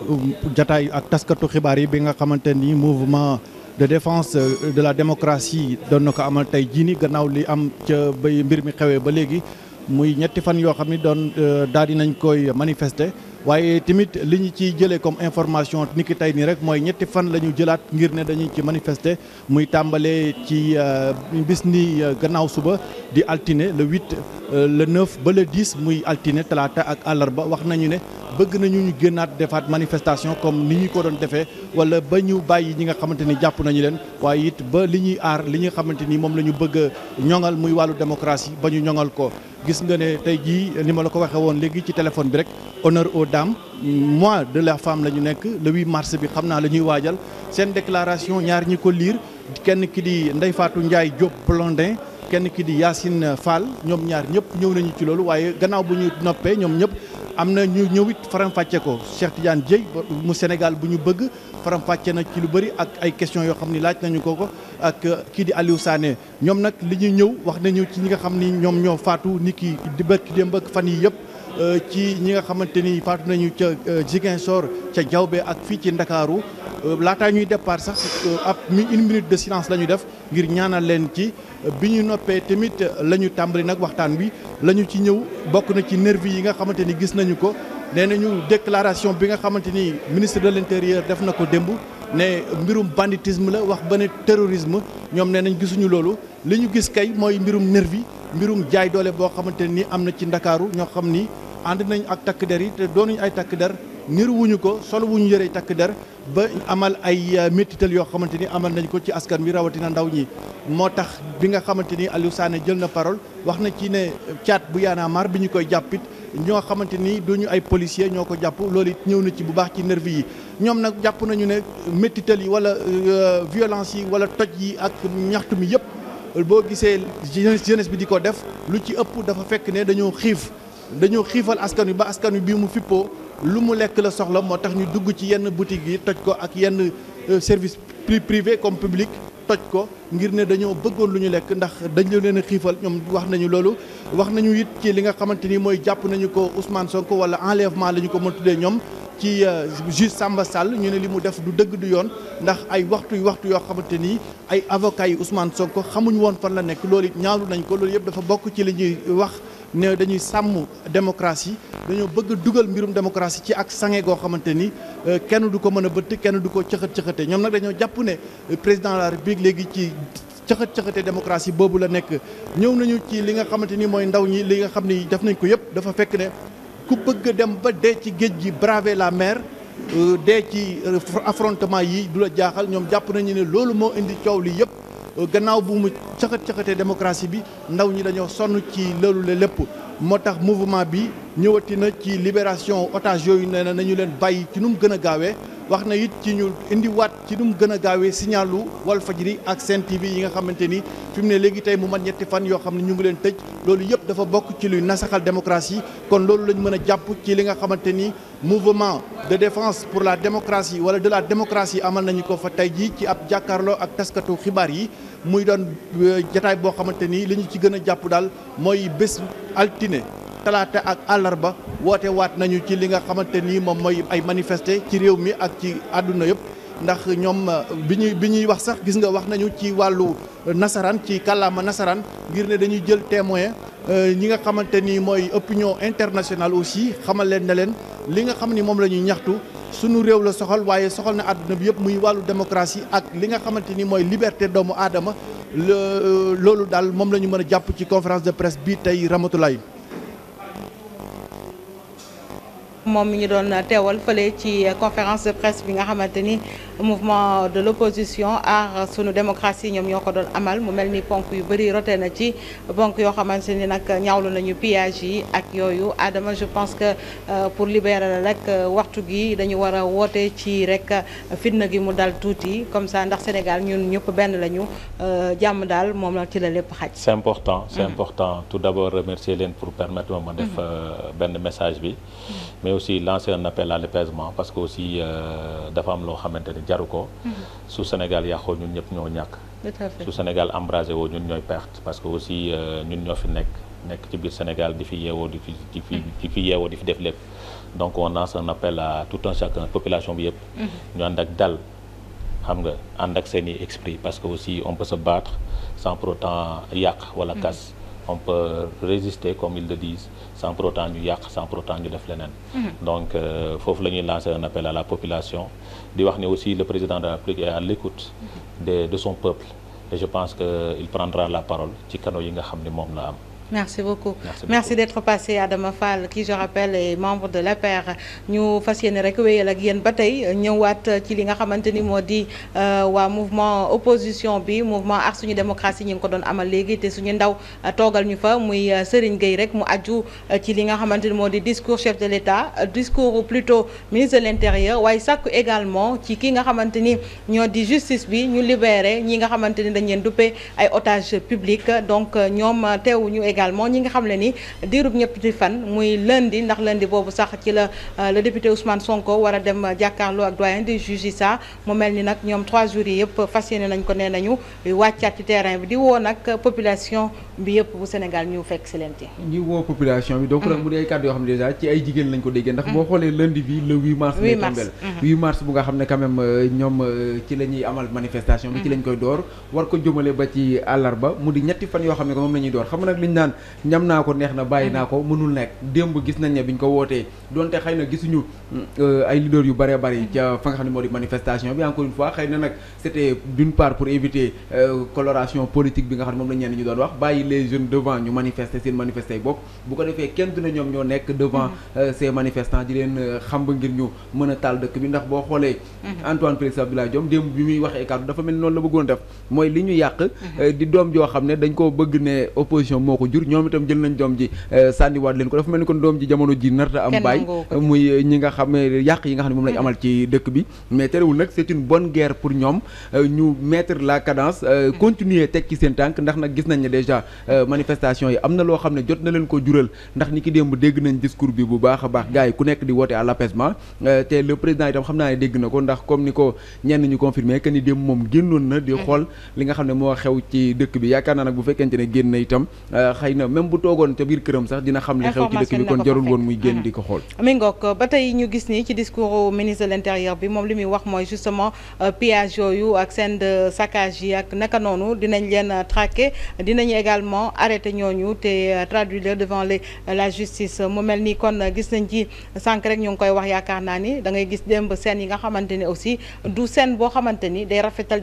jataay ak taskatu xibaar yi bi nga xamante ni mouvement de défense euh, de la démocratie doon na ko amal tey jii ni gannaaw li am ca bay mbir mi xewee ba léegi muy ñetti fan yoo xam ni doon euh, daal di nañ koy manifester. waaye tamit li ñu ciy jëlee comme information ni ki tey nii rek mooy ñetti fan la ñu jëlaat ngir ne dañu ci manifester muy tàmbalee ci euh, bis ni euh, gannaaw suba di altine le 8 euh, le 9 ba le 10 muy altine talaata ak àllarba wax nañu ne bëgg nañu ñu génnaat defaat manifestation comme ni ñu ko doon defee. wala ba ñu bàyyi ñi nga xamante ni jàpp nañu leen waaye it ba li ñuy aar li ñu xamante ni moom la ñu bëgg a ñoŋal muy wàllu démocratie ba ñu ñoŋal ko. gis nga ne tey jii ni ma la ko waxee woon léegi ci téléphone bi rek honneur aux dames mois de la femme la ñu nekk le 8 mars bi xam naa la ñuy waajal seen déclaration ñaar ñi ko liir kenn ki di ndeyfaatu Fatou Ndiaye Diop kenn ki di Yacine Fall ñoom ñaar ñëpp ñëw nañu ci loolu waaye gannaaw bu ñu noppee ñoom ñëpp. am na ñu ñëwit faram-fàcce ko Cheikh Tidiane Dieye mu Sénégal bu ñu bëgg faram-fàcce na ci lu bëri ak ay questions yoo xam ni laaj nañu ko ko ak kii di Aliou Sané ñoom nag li ñuy ñëw wax nañu ci ñi nga xam ni ñoom ñoo faatu ni ki di bëkk démb ak fan yi yëpp Euh, ci ñi nga xamante ni faatu nañu ca euh, Ziguinchor ca Diaobé ak fii ci Ndakaaru euh, laataa ñuy départ sax ab mi une minute de silence la ñu def ngir ñaanal leen ci bi ñu noppee tamit la ñu tàmbali nag waxtaan wi lañu ci ñëw bokk na ci nervi yi nga xamante ni gis nañu ko nee nañu déclaration bi nga xamante ni ministre de l'intérieur def na ko démb ne mbirum banditisme la wax ba ne terrorisme ñoom nee nañ gisuñu loolu li ñu gis kay mooy mbirum nervi mbirum jaay doole boo xamante ni am na ci ndakaaru ñoo xam ni ànd nañ ak takk der yi te doonuñ ay takk der niru wuñu ko solo wuñu yëree takk der ba amal ay euh, métital yoo xamante ni amal nañ ko ci askan wi rawatina ndaw ñi moo tax bi nga xamante ni Aliou Sané jël na parole wax na ci ne caat bu yaanaa mar bi ñu koy jàppit ñoo xamante ni duñu ay policier ñoo ko jàpp loolu it ñëw na ci bu baax ci nervi yi ñoom nag jàpp nañu ne métital yi wala euh, violence yi wala toj yi ak ñaxtu mi yëpp boo gisee jeunesse bi di ko def lu ci ëpp dafa fekk ne dañoo xiif dañoo xiifal askan wi ba askan wi bii mu fippoo lu mu lekk la soxla moo tax ñu dugg ci yenn boutique yi toj ko ak yenn euh, service privé comme public toj ko ngir ne dañoo bëggoon lu ñu lekk ndax dañu leen a xiifal ñoom wax nañu loolu wax nañu it ci li nga xamante ni mooy jàpp nañu ko usmaan Sonko wala enlèvement la ñu ko mën ñoom ci euh, juge Samba Sall ñu ne li mu def du dëgg du yoon ndax ay waxtu yu waxtu yoo xamante ni ay avocats yi Ousmane Sonko xamuñu woon fan la nekk loolu it nañ ko loolu yëpp dafa bokk ci li ñuy wax ne dañuy sàmm démocratie dañoo bëgg dugal mbirum démocratie ci ak sange goo xamante ni euh, kenn du ko mën a bëtt kenn du ko cëxat cëxate ñoom nag dañoo jàpp ne euh, président la république léegi ci caxat caxate démocratie boobu la nekk ñëw nañu ci li nga xamante ni mooy ndaw ñi li nga xam nii def nañ ko yëpp dafa fekk ne ku bëgg dem ba dee ci géej gi braver la mer euh, dee ci affrontement yi du la jaaxal ñoom jàpp nañu ne loolu moo indi coow li yëpp. Euh, gannaaw bu mu caxat caxatee démocratie bi ndaw ñi dañoo sonn ci loolu lépp moo tax mouvement bi. ñëwati na ci libération otage yooyu nee na nañu leen bàyyi ci nu mu gën a gaawee wax na it ci ñu indiwaat ci nu mu gën a gaawee signalu Walfadjri ak Sen TV yi nga xamante ni fi mu ne léegi tey mu mat ñetti fan yoo xam ne ñu ngi leen tëj loolu yëpp dafa bokk ci luy nasaxal démocratie kon loolu lañ mën a jàpp ci li nga xamante ni mouvement de défense pour la démocratie wala de la démocratie amal nañu ko fa tey jii ci ab jàkkaarloo ak taskatu xibaar yi muy doon euh, jataay boo xamante ni li ci gën a jàpp daal mooy bés altine talaata ak àllarba woote waat nañu ci li nga xamante ni moom mooy ay manifester ci réew mi ak ci àdduna yëpp ndax ñoom euh, bi ñuy bi ñuy wax sax gis nga wax nañu ci wàllu euh, nasaraan ci kàllaama nasaraan ngir ne dañuy jël témoin euh, ñi nga xamante ni mooy opinion internationale aussi xamal leen na leen li nga xam ni moom la ñuy ñaxtu sunu réew la soxal waaye soxal na àdduna bi yëpp muy wàllu démocratie ak li nga xamante ni mooy liberté doomu aadama loolu daal moom la ñu mën a jàpp ci conférence de presse bii tey Ramatoulaye moom mi ñu doon teewal fële ci conférence de presse bi nga xamante ni mouvement de l'opposition aar sunu démocratie ñoom ñoo ko doon amal mu mel ni ponk yu bëri rote na ci ponk yoo xamante ni nag ñaawlu nañu piage yi ak yooyu Adama je pense que euh, pour libérer rek euh, waxtu gi dañu war a woote ci rek euh, fitna gi mu dal tuuti comme ça ndax Sénégal ñun ñëpp benn lañu jàmm daal moom la ci la lépp xaj. c'est important c'est mm-hmm. important tout d'abord remercier leen pour permettre ma ma def mm-hmm. benn message bi mm-hmm. mais aussi lancer un appel à l'apaisement parce que aussi dafa am loo xamante ni jaru ko. Mhm. su Sénégal yàqoo ñun ñëpp ñoo ñàkk. su Sénégal embrasé woo ñun ñooy perte parce que aussi euh, ñun ñoo fi nekk nekk ci biir Sénégal di fi yeewoo di fi di fi di fi yeewoo di fi def lépp donc on lance un tout un chacun population bi yëpp. Mhm. ñu ànd ak dal xam nga ànd ak seeni i parce que aussi on peut se battre sans pour autant yàq wala casse. Mhm. on peut résister comme ils le disent sans pour autant ñu yàq sans pour autant ñu def leneen mm-hmm. donc euh, foofu la ñuy lancer un appel à la population di wax ne aussi le président de la République est à l'écoute mm-hmm. de de son peuple et je pense que il prendra la parole ci canaux yi nga xam ne moom la am merci beaucoup merci, merci d'être passé je rappelle membre de l'APR ñu fas yéene rek wéyal ak yéen ba tey ñëwaat ci li nga xamante ni moo di euh, waa mouvement opposition bi mouvement ak suñu démocratie ñi ngi ko doon amal léegi te suñu ndaw euh, toogal ñu fa muy euh, Serigne Gueye rek mu aju ci li nga xamante ni moo di discours chef de l'État discours plutôt ministre de l'intérieur waaye sàkku également ci ki nga xamante ni ñoo di justice bi ñu libéré ñi nga xamante ni dañ leen duppee ay otages publics donc également ñi nga xam le ni diirub ñetti fan muy lundi ndax lundi boobu sax ci la euh, le député Sonko war a dem jàkkaarloo ak doyen di juge ça mu mel ni nag ñoom trois jours yi yëpp fas yéene nañ ko nee nañu bi di woo nag population bi yëpp ñu fekk si bi donc mm-hmm. ko déggee ndax boo mm-hmm. xoolee lundi bi le 8 mars lay tombeel 8 mars bu nga xam ne quand euh, ñoom euh, ci la ñuy amal manifestation bi ci mm-hmm. lañ koy door war ko jëmale ba ci àllarba mu di ñetti fan yoo xam ne ko moom la ñuy door xam nag liñ naan naan ñam naa ko neex na bàyyi naa ko mënul nekk démb gis nañ ne bi ñu ko wootee donte xëy na gisuñu euh, ay leaders yu bëree bëri ca fa nga xam ne moo di manifestation bi encore une fois xëy na nag c'était d'une part pour éviter euh, coloration politique bi nga xam ne moom la ñenn ñu doon wax bàyyi les jeunes devant ñu manifester seen manifester bopp bu ko defee kenn du ne ñoom ñoo nekk devant mm-hmm. euh, ces manifestants di leen xam ba ngir ñu mën a taal dëkk bi ndax boo xoolee mm-hmm. jur ñoom itam jël nañ doom ji euh, sànniwaat leen ko dafa mel ni kon doom ji jamono ji narta am baay muy euh, ñi nga xam yàq yi nga xam ne moom lañ mm-hmm. amal ci dëkk bi mais terewul nag c'est une bonne guerre pour ñoom euh, ñu mettre la cadence mm-hmm. continuer teg ci seen tànk ndax nag gis nañ ne déjà manifestation yi am na loo xam ne jot na leen ko jural ndax ni ki démb dégg nañ discours bi bu baax a baax gars ku nekk di woote à l'apaisement te le président itam naa ne dégg na ko ndax comme ni ko ñenn ñu confirmé que ni démb moom génnoon na di mm-hmm. xool li nga xam ne moo xew ci dëkk bi yaakaar naa nag bu fekkent ne génn na itam xëy na même bu toogoon ca biir këram sax dina xam li xew ci dëkk bi kon muy génn mm-hmm. di ko xool mm-hmm. mi ngoog ba tey ñu gis ni ci discours ministre de l'intérieur bi moom li muy wax mooy justement euh, pillage yooyu ak seen de euh, saccage yi ak naka noonu dinañ leen euh, traqué dinañu également arrêté ñooñu te traduire devant la justice mu mel ni kon gis nañ ci sànq rek ñu ngi koy wax yaakaar naa ni da ngay gis démb seen yi nga xamante ni aussi du seen boo xamante ni day rafetal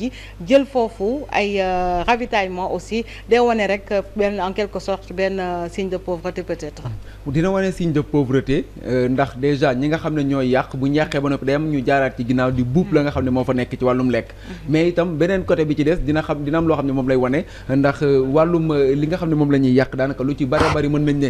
ji jël foofu ay euh, ravitaillement aussi day wane rek euh, benn en quelque sorte benn euh, signe de pauvreté peut-être. dina wane signe de pauvreté ndax déjà ñi nga xam ne ñooy yàq bu ñu yàqee ba noppi day am ñu jaaraat ci ginnaaw di buub la nga xam ne moo fa nekk ci wàllum lekk. Mhm. mais itam beneen côté bi ci des dina xam dina am ne moom lay wane ndax wàllum li nga xam ne moom la ñuy yàq daanaka lu ci bari bari mën nañ ne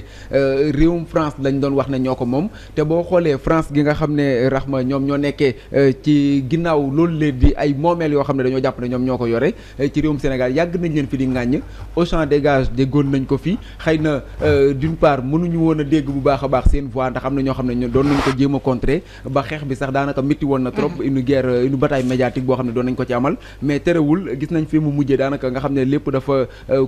réewum France lañ doon wax ne ñoo ko moom te boo xoolee France gi nga xam ne Rahma ñoom ñoo nekkee ci ginnaaw loolu lee di ay yoo xam ne dañoo dañoo jàpp ne ñoom ñoo ko yore eh, ci réewum Sénégal yàgg nañ leen fi di ŋàññ Auchan dégage déggoon nañ ko fi xëy na eh, d'une part mënuñu woon a dégg bu baax a baax seen voix ndax am na ñoo xam ne doon nañ ko jéem a contrer ba xeex bi sax daanaka métti woon na trop mm. une guerre eh, une bataille médiatique boo xam ne doon nañ ko ci amal mais terewul gis nañ fi mu mujjee daanaka nga xam ne lépp dafa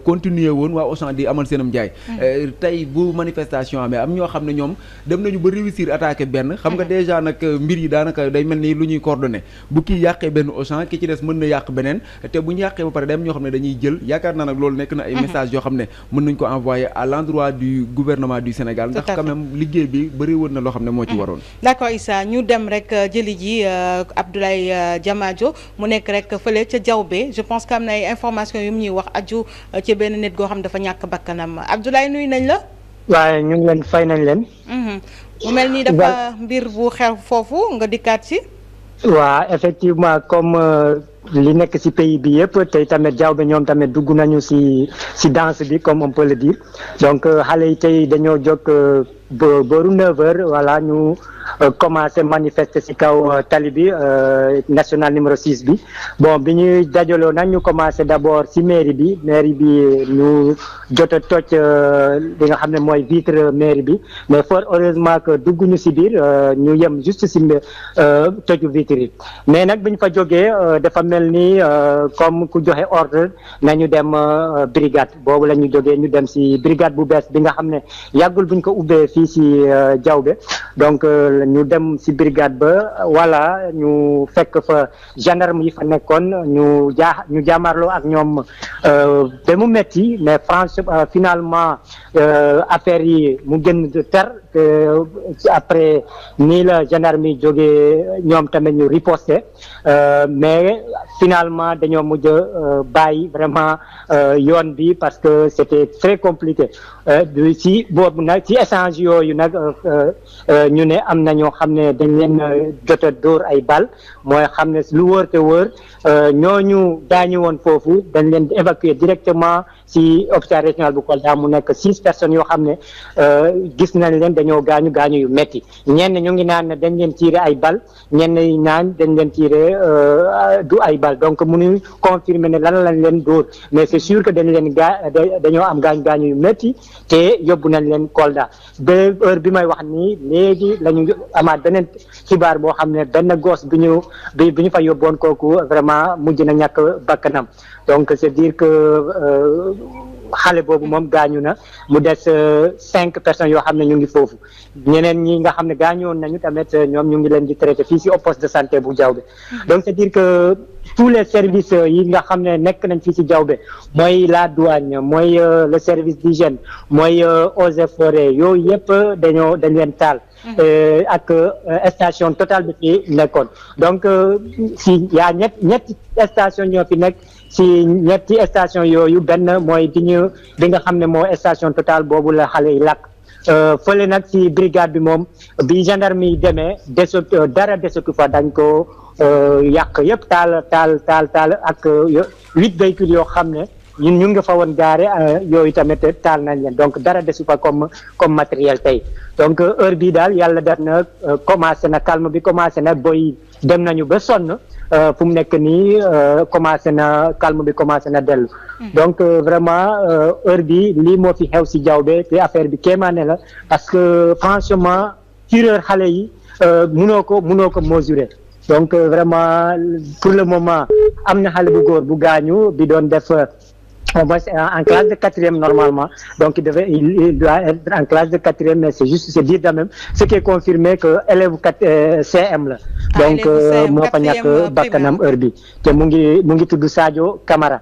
continuer woon waa Auchan di amal seenam jaay mm. tey bu manifestation amee am ñoo xam ne ñoom dem nañu ba réussir attaqué benn xam nga mm. déjà nag mbir yi daanaka day mel ni lu ñuy coordonné bu kii yàq beneen te bu ñu yàqee ba pare dem ñoo xam ne dañuy jël yaakaar naa nag loolu nekk na ay mhm. message yoo xam ne mën nañ ko envoyé à l'endroit du gouvernement du Sénégal ndax quand même liggéey bi bëri na loo xam ne moo ci mhm. waroon d'accord Issa ñu dem rek euh, jëli ji euh, Abdoulaye euh, Diamadio mu nekk rek fële ca Diawbe je pense que am na information yu mu ñuy wax aju ci benn nit goo xam dafa ñàkk bakkanam Abdoulaye nuyu nañ la waaye ñu ngi leen fay nañ leen mhm. mu mel nii dafa li nekk ci pays bi yëpp tey tamit jaww bi ñoom tamit dugg nañu ci ci danse bi comme on peut le dire donc euh, xale yi tey dañoo jóg. Euh, ba booru 9h voilà ñu euh, commencé manifester ci kaw euh, tali bi euh, national numéro 6 bi bon bi ñuy dajaloo nag ñu commencé d'abord ci mairie bi mairie bi ñu jot a toj li nga xam ne mooy vitre mairie bi mais fort heureusement que dugg ñu ci biir ñu yem juste ci toju vitre yi mais nag bi ñu fa jógee dafa mel ni comme ku joxe ordre nañu dem brigade boobu la ñu jógee ñu dem ci brigade bu bees bi nga xam ne yàggul buñ ko ubbee fii si euh, Diaoubé donc euh, ñu dem si brigade ba wala ñu fekk fa gendarme yi fa nekkoon ñu jaa ñu jaamarloo ak ñoom euh, ba mu metti mais France finalement affaire yi mu gën ter après nii la gendarme yi jógee ñoom tamit ñu riposté euh, mais finalement dañoo mujj euh, bàyyi vraiment euh, yoon bi parce que c'était très compliqué si boobu nag ci échange yooyu nag ñu ne am na ñoo xam ne dañ leen jot a ay bal mooy xam ne lu wër te wër Euh, ñooñu daañu woon foofu dañ leen di évacuer directement si hôpital régional bu Kolda mu nekk six personnes yoo xam ne euh, gis nañ leen dañoo gaañu gaañu yu metti ñenn ñu ngi naan dañ leen tiire ay bal ñenn yi naan dañ leen tiire euh, du ay bal donc mu mënuñu confirmer ne lan lañ leen dóor mais c'est sûr que dañ leen gaa dañoo am gaañu gaañu yu metti te yóbbu nañ leen Kolda ba heure bi may wax nii léegi la ñu amaat beneen xibaar boo xam ne benn gos bi ñu bi fa yóbboon kooku malheureusement mujj na ñàkk bakkanam donc c'est dire que euh, xale boobu moom gaañu na mu des euh, cinq personnes yoo xam ne ñu ngi foofu ñeneen ñi nga xam ne gaañu woon nañu tamit euh, ñoom ñu ngi leen di traité fii si au poste de santé bu jaww bi mm-hmm. donc c'est dire que tous les services euh, yi nga xam ne nekk nañ fii ci jawbe mooy la douane mooy euh, le service d'hygiène mooy euh, eaux et yooyu yëpp dañoo dañ leen taal mm-hmm. ak station Total bi fi nekkoon donc si yaa ñett ñetti station ñoo fi nekk si ñetti station yooyu benn mooy bi ñu bi nga xam ne moo station Total boobu la xale yi làkk fële nag ci brigade bi moom bi gendarme yi demee desu dara desutu fa dañ ko Euh, yàq yëpp taal taal taal taal ak euh, huit véhicules yoo xam ne ñun ñu nga fa woon gaare euh, yooyu tamit taal nañ leen donc dara desu fa comme comme matériel tey donc heure bii daal yàlla def na commencé na calme bi commencé na boy dem nañu ba sonn fu mu nekk nii commencé na calme bi commencé na dellu mm. donc vraiment heure bii lii moo fi xew si jawbe te affaire bi kéemaane la parce que franchement fureur xale yi munoo ko munoo ko mesurer donc euh, vraiment pour le moment am na xale bu góor bu gaañu bi doon def euh, au moins en classe de quatrième normalement donc il devait il doit être en classe de quatrième mais c'est juste c'est dire quand même ce qui est confirmé que élève euh, CM la ah, donc moo fa ñàkk bakkanam heure bi te mu ngi mu ngi tudd Sadio Camara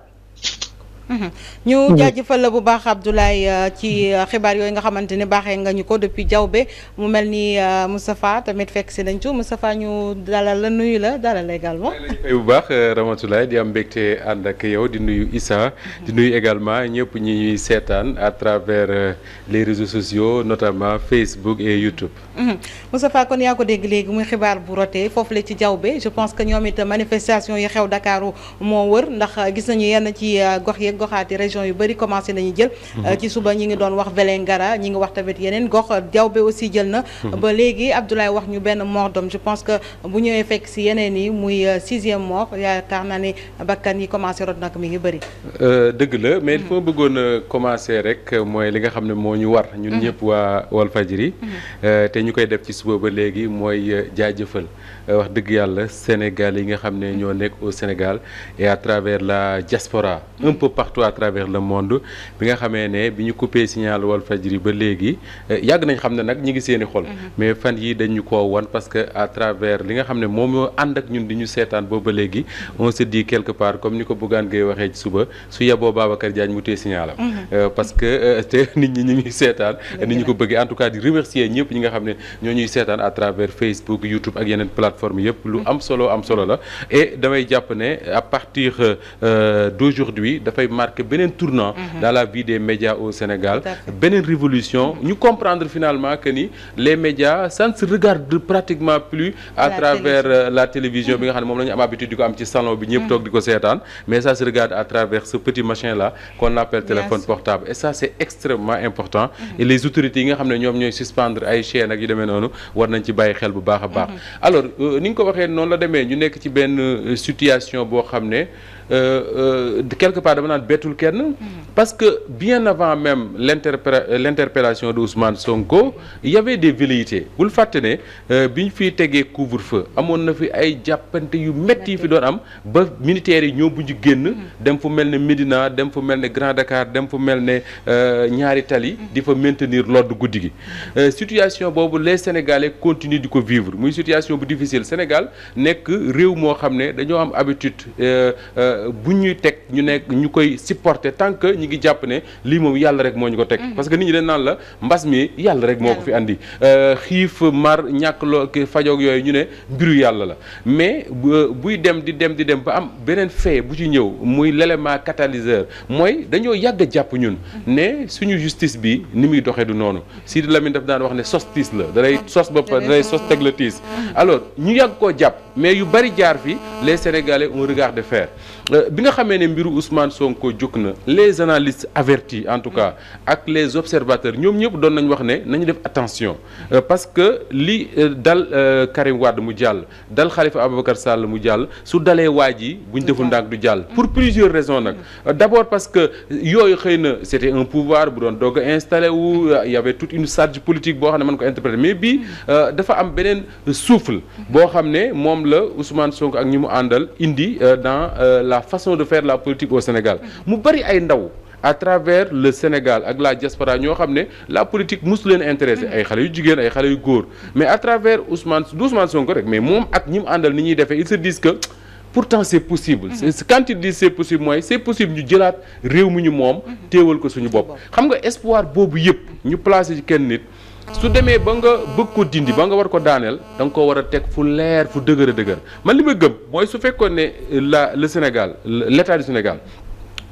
Mm-hmm. ñu mm-hmm. jaajëfal la bu baax Abdoulaye euh, ci euh, xibaar yooyu nga xamante ne baaxee nga ñu ko depuis Diaobé mu mel ni euh, Moustapha tamit fekk si nañ ci Moustapha ñu dalal la nuyu la dalal la également. fay bu baax Ramatoulaye di am mbégte ànd ak yow di nuyu Issa. di nuyu également ñëpp ñi ñuy seetaan à travers les réseaux sociaux notamment Facebook et YouTube. Mm-hmm. Moustapha kon yaa ko dégg léegi muy xibaar bu rote foofu la ci Diaobé je pense que ñoom it manifestation yi xew Dakar moo goxaati région yu bëri commencé nañu jël mhm. euh, ci suba ñi ngi doon wax Vélingara ñi ngi wax tamit yeneen gox Diaobé aussi jël na mhm. ba léegi Abdoulaye wax ñu benn mort doom je pense que bu ñëwee fekk si yeneen yi muy euh, sixième yaa yaakaar na ni bakkan yi commencé rot nag mi ngi bëri euh, dëgg la mais li mhm. ma bëggoon a commencé rek mooy li nga xam ne moo ñu war ñun ñëpp waa Walfadjri te ñu koy def ci suba ba léegi mooy jaajëfal Euh, wax dëgg yàlla Sénégal yi nga xam ne ñoo nekk au Sénégal et à travers la diaspora un peu partout à travers le monde bi nga xamee ne bi ñu coupé signal Walfadjri ba léegi euh, yàgg nañ xam ne nag ñi ngi seeni xol mhm. mais fan yi dañu ko wan parce que à travers li nga xam ne moom moo ànd ak ñun di ñu seetaan booba léegi mhm. on se dit quelque part comme ni ko Bougane Gueye waxee ci suba su yeboo Babacar Diagne mu tee signalam mhm. euh, parce que te nit ñi ñi seetaan ni ñu ko bëggee en plateforme yëpp lu am solo am solo la et damay jàpp ne à partir euh, d'aujourd'hui dafay marquer beneen tournant mhm. dans la vie des médias au Sénégal beneen révolution ñu comprendre finalement que ni les médias ça ne se regarde pratiquement plus à travers euh, la télévision bi nga xam ne moom lañu ñu am habitude di ko am ci salon bi ñëpp mhm. toog di ko seetaan mais ça se à travers ce petit machin là qu'on appelle téléphone portable et ça c'est extrêmement important mhm. les autorités yi nga xam ne ñoom ñooy suspendre ay chaînes ak yu demee noonu war nañ ci bàyyi xel bu baax a baax euh, ni nga ko waxee noonu la demee ñu nekk ci benn euh, situation boo xam ne Euh, euh, quelque part dama naan bettul kenn. Mhm. parce que bien avant même l'interpellation l'interpellation de Ousmane Sonko il y avait des velléités bul fàtte ne euh, bi ñu fi tegee couvre-feu amoon na fi ay jàppante yu metti yi fi doon am ba militaires yi ñoo bu ñu génn. Mhm. dem fu mel ne Médina dem fu mel ne Grand Dakar dem fu mel ne ñaari tali. Mhm. di fa maintenir l'ordre guddi gi. situation boobu les Sénégalais continuent di ko vivre muy situation bu difficile Sénégal nekk réew moo xam ne dañoo am habitude. bu ñuy teg ñu nekk ñu koy supporter tant que ñu ngi jàpp ne lii moom yàlla rek moo ñu ko teg mhm. parce que nit ñi de naan la mbas mi yàlla rek moo ko fi andi euh, xiif mar ñàkk loo fajoog yooyu ñu ne mbiru yàlla la mais euh, buy dem di dem di dem ba am beneen fee bu ci ñëw muy l'élément catalyseur mooy dañoo yàgg jàpp ñun mhm. ne suñu justice bi ni muy doxee du noonu Sidi Lamine daf daan wax ne sos tiis la dalay sos ba pare sos teg la tiis mhm. alors ñu yàgg koo jàpp mais yu bari jaar fi les Sénégalais ont de fer Euh, bi nga xamee ne mbiru Ousmane Sonko jóg na les analystes averti en tout cas ak les observateurs ñoom ñëpp doon nañ wax ne nañu def attention euh, parce que li euh, dal Karim Wade mu jàll dal Khalifa Ababacar Sall mu jàll su dalee waa ji buñ deful ndànk du jàll pour plusieurs raisons nag d'abord parce que yooyu xëy na c'était un pouvoir bu doon doog a installé wu y avait toute une charge politique boo xam ne man ko interpréter mais bii dafa am beneen souffle boo xam ne moom la Ousmane Sonko ak ñi mu àndal indi façon de faire la politique au Sénégal mu bari ay ndaw à travers le Sénégal ak la diaspora ñoo xam ne la politique mosu leen intéressé mm-hmm. ay xale yu jigéen ay xale yu góor mais à travers Ousmane du Ousmane Sonko rek mais moom ak ñi mu àndal ni ñuy defee ils se disent que pourtant c'est possible mm-hmm. c'est quand ils c'est possible mooy c'est possible ñu jëlaat réew mi ñu moom mm-hmm. téewal ko suñu bopp xam nga espoir boobu yëpp ñu placé ci kenn nit su demee ba nga bëgg ko dindi ba nga war ko daaneel da nga ko war a teg fu leer fu dëgër a dëgër man li ma gëm mooy su fekkoon ne la le Sénégal l'état du Sénégal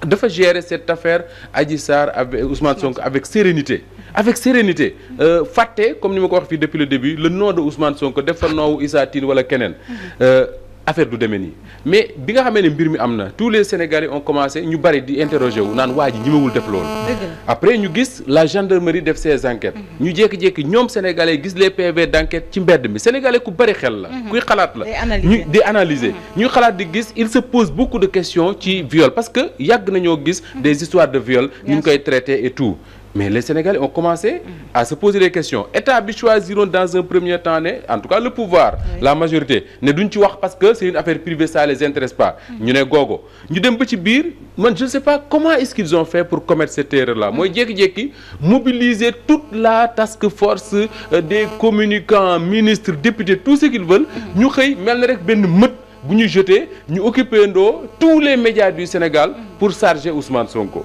dafa gérer cette affaire Adji Sarr avec Ousmane Sonko avec sérénité avec sérénité euh, fàtte comme ni ma ko wax fii depuis le début le nom de Ousmane Sonko def fa noowu Issa Tine wala keneen euh, affaire du demee nii mais bi nga xamee ne mbir mi am na tous les sénégalais ont commencé ñu bari di interroger wu naan waa ji ñimewul def loolu. après ñu gis la gendarmerie def ses enquêtes. Mhm. ñu jékki-jékki ñoom sénégalais gis les PV enquête ci mbedd mi sénégalais ku bari xel la. Mhm. kuy xalaat la ñu di analyser. Mhm. ñu xalaat di gis il se pose beaucoup de question ci viole parce que yàgg nañoo gis des histoires de viol. ñu koy traité et tout. mais les Sénégalais ont commencé à se poser des questions état bi choisiroon dans un premier temps ne en tout cas le pouvoir oui. la majorité ne duñ ci wax parce que c'est une affaire privée ça les intéresse pas mm. ñu ne googo ñu dem ba ci biir man je ne sais pas comment est-ce qu'ils ont fait pour commettre cette erreur là mm. mooy jékki-jékki mobiliser toute la task force euh, des communicants ministres députés tout ce qu'ils mm. ñu xëy mel na rek benn mët bu ñu jeté ñu occupé ndoo les médias du Sénégal pour charger Ousmane Sonko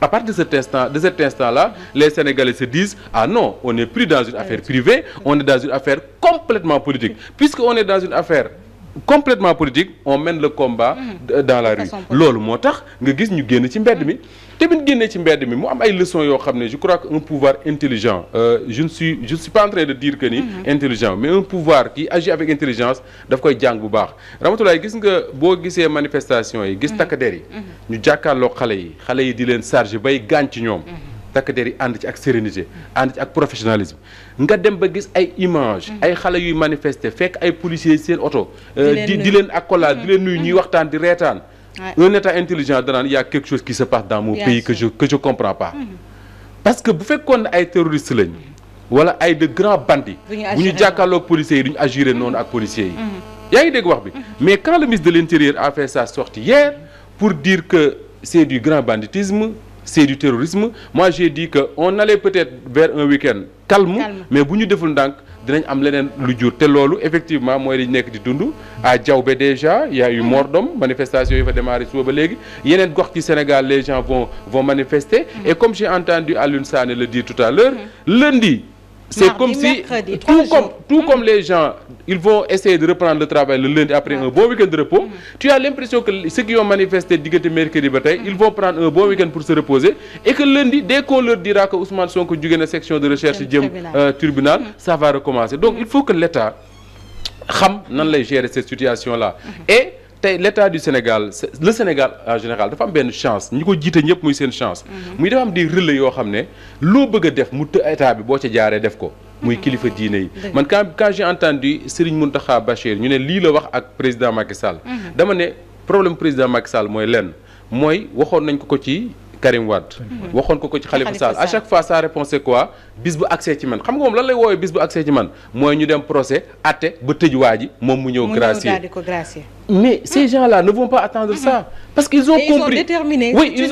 à partir de cet instant de cet instant là les Sénégalais se disent ah non on n'est plus dans une euh, affaire privée on est dans une affaire complètement politique puisque on est dans une affaire complètement politique on mène le combat mmh. dans la rue loolu moo tax nga gis ñu génn ci mbedd mi mmh. tamit génne ci mbedd mi mu am ay leçons yoo xam ne je crois que un pouvoir intelligent euh, je ne suis je ne suis pas en train de diir que ni mhm. intelligent mais un pouvoir qui agit avec intelligence daf koy jàng bu baax Ramatulaay gis nga boo gisee manifestation yi gis mhm. takk der yi mhm. ñu jàkkaarloo xale yi xale yi di leen chargé bay gaañ ci ñoom takk der yi ànd ci ak sérénité ànd ci ak professionnalisme nga dem ba gis ay image ay xale yuy manifester fekk ay policiers seen oto di euh, di leen accolade di leen ñuy waxtaan di reetaan un état intelligent danaan y a quelque chose qui se passe dans mon pays que je que je comprends pas mhm. parce que bu fekkoon ne ay terroristes lañ wala ay de grands bandits bu ñu jàkkaarloo policiers yi du ñu agiré noonu ak policiers yi mhm. yaa ngi dégg wax bi mhm. mais quand le ministre de l'intérieur a fait sa sortie hier pour dire que c'est du grand banditisme c'est du terrorisme moi j'ai dit que on allait peut-être vers un week-end calme, calme. mais bu ñu deful ndànk dinañ am leneen lu jur te loolu effectivement mooy ñu nekk di dund à Diaobé déjà y a eu mort d'homme manifestation yi fa démarré suba ba léegi yeneen gox ci Sénégal les gens vont vont manifester et comme j'ai entendu Alioune Sané le dire tout à l'heure mm-hmm. lundi c'est comme si tout comme tout comme les gens ils vont essayer de reprendre le travail le lundi après un beau week-end de repos mm. tu as l'impression que ceux qui ont manifesté diggante mercredi ba tey mm. ils vont prendre un beau week pour se reposer et que lundi dès qu'on dira que Ousmane Sonko jóge na section de recherche jëm tribunal euh, mm. ça va recommencer donc il faut que l'État xam nan lay gérer cette situation là mm-hmm. tey l' état du Sénégal le Sénégal en général dafa am benn chance ñi ko jiite ñëpp muy seen chance. Mhm. muy dafa am des relais yoo xam ne loo bëgg a def mu të état bi boo ca jaaree def ko. muy mhm. kilifa diine yi. man quand quand j'ai entendu Serigne Mountakha Bachir ñu ne lii la wax ak président Macky Sall. Mhm. dama ne problème président Macky Sall mooy lenn mooy waxoon nañ ko ko ci Karim Wade. waxoon ko ko ci Khalifa Sall à chaque fois sa réponse c'est quoi. bis bu accès ci man xam nga moom lan lay woowee bis bu accès ci man mooy ñu dem procès atte ba tëj waa ji moom mu ñëw gracier mais ces gens là ne vont pas attendre ça parce qu'ils ils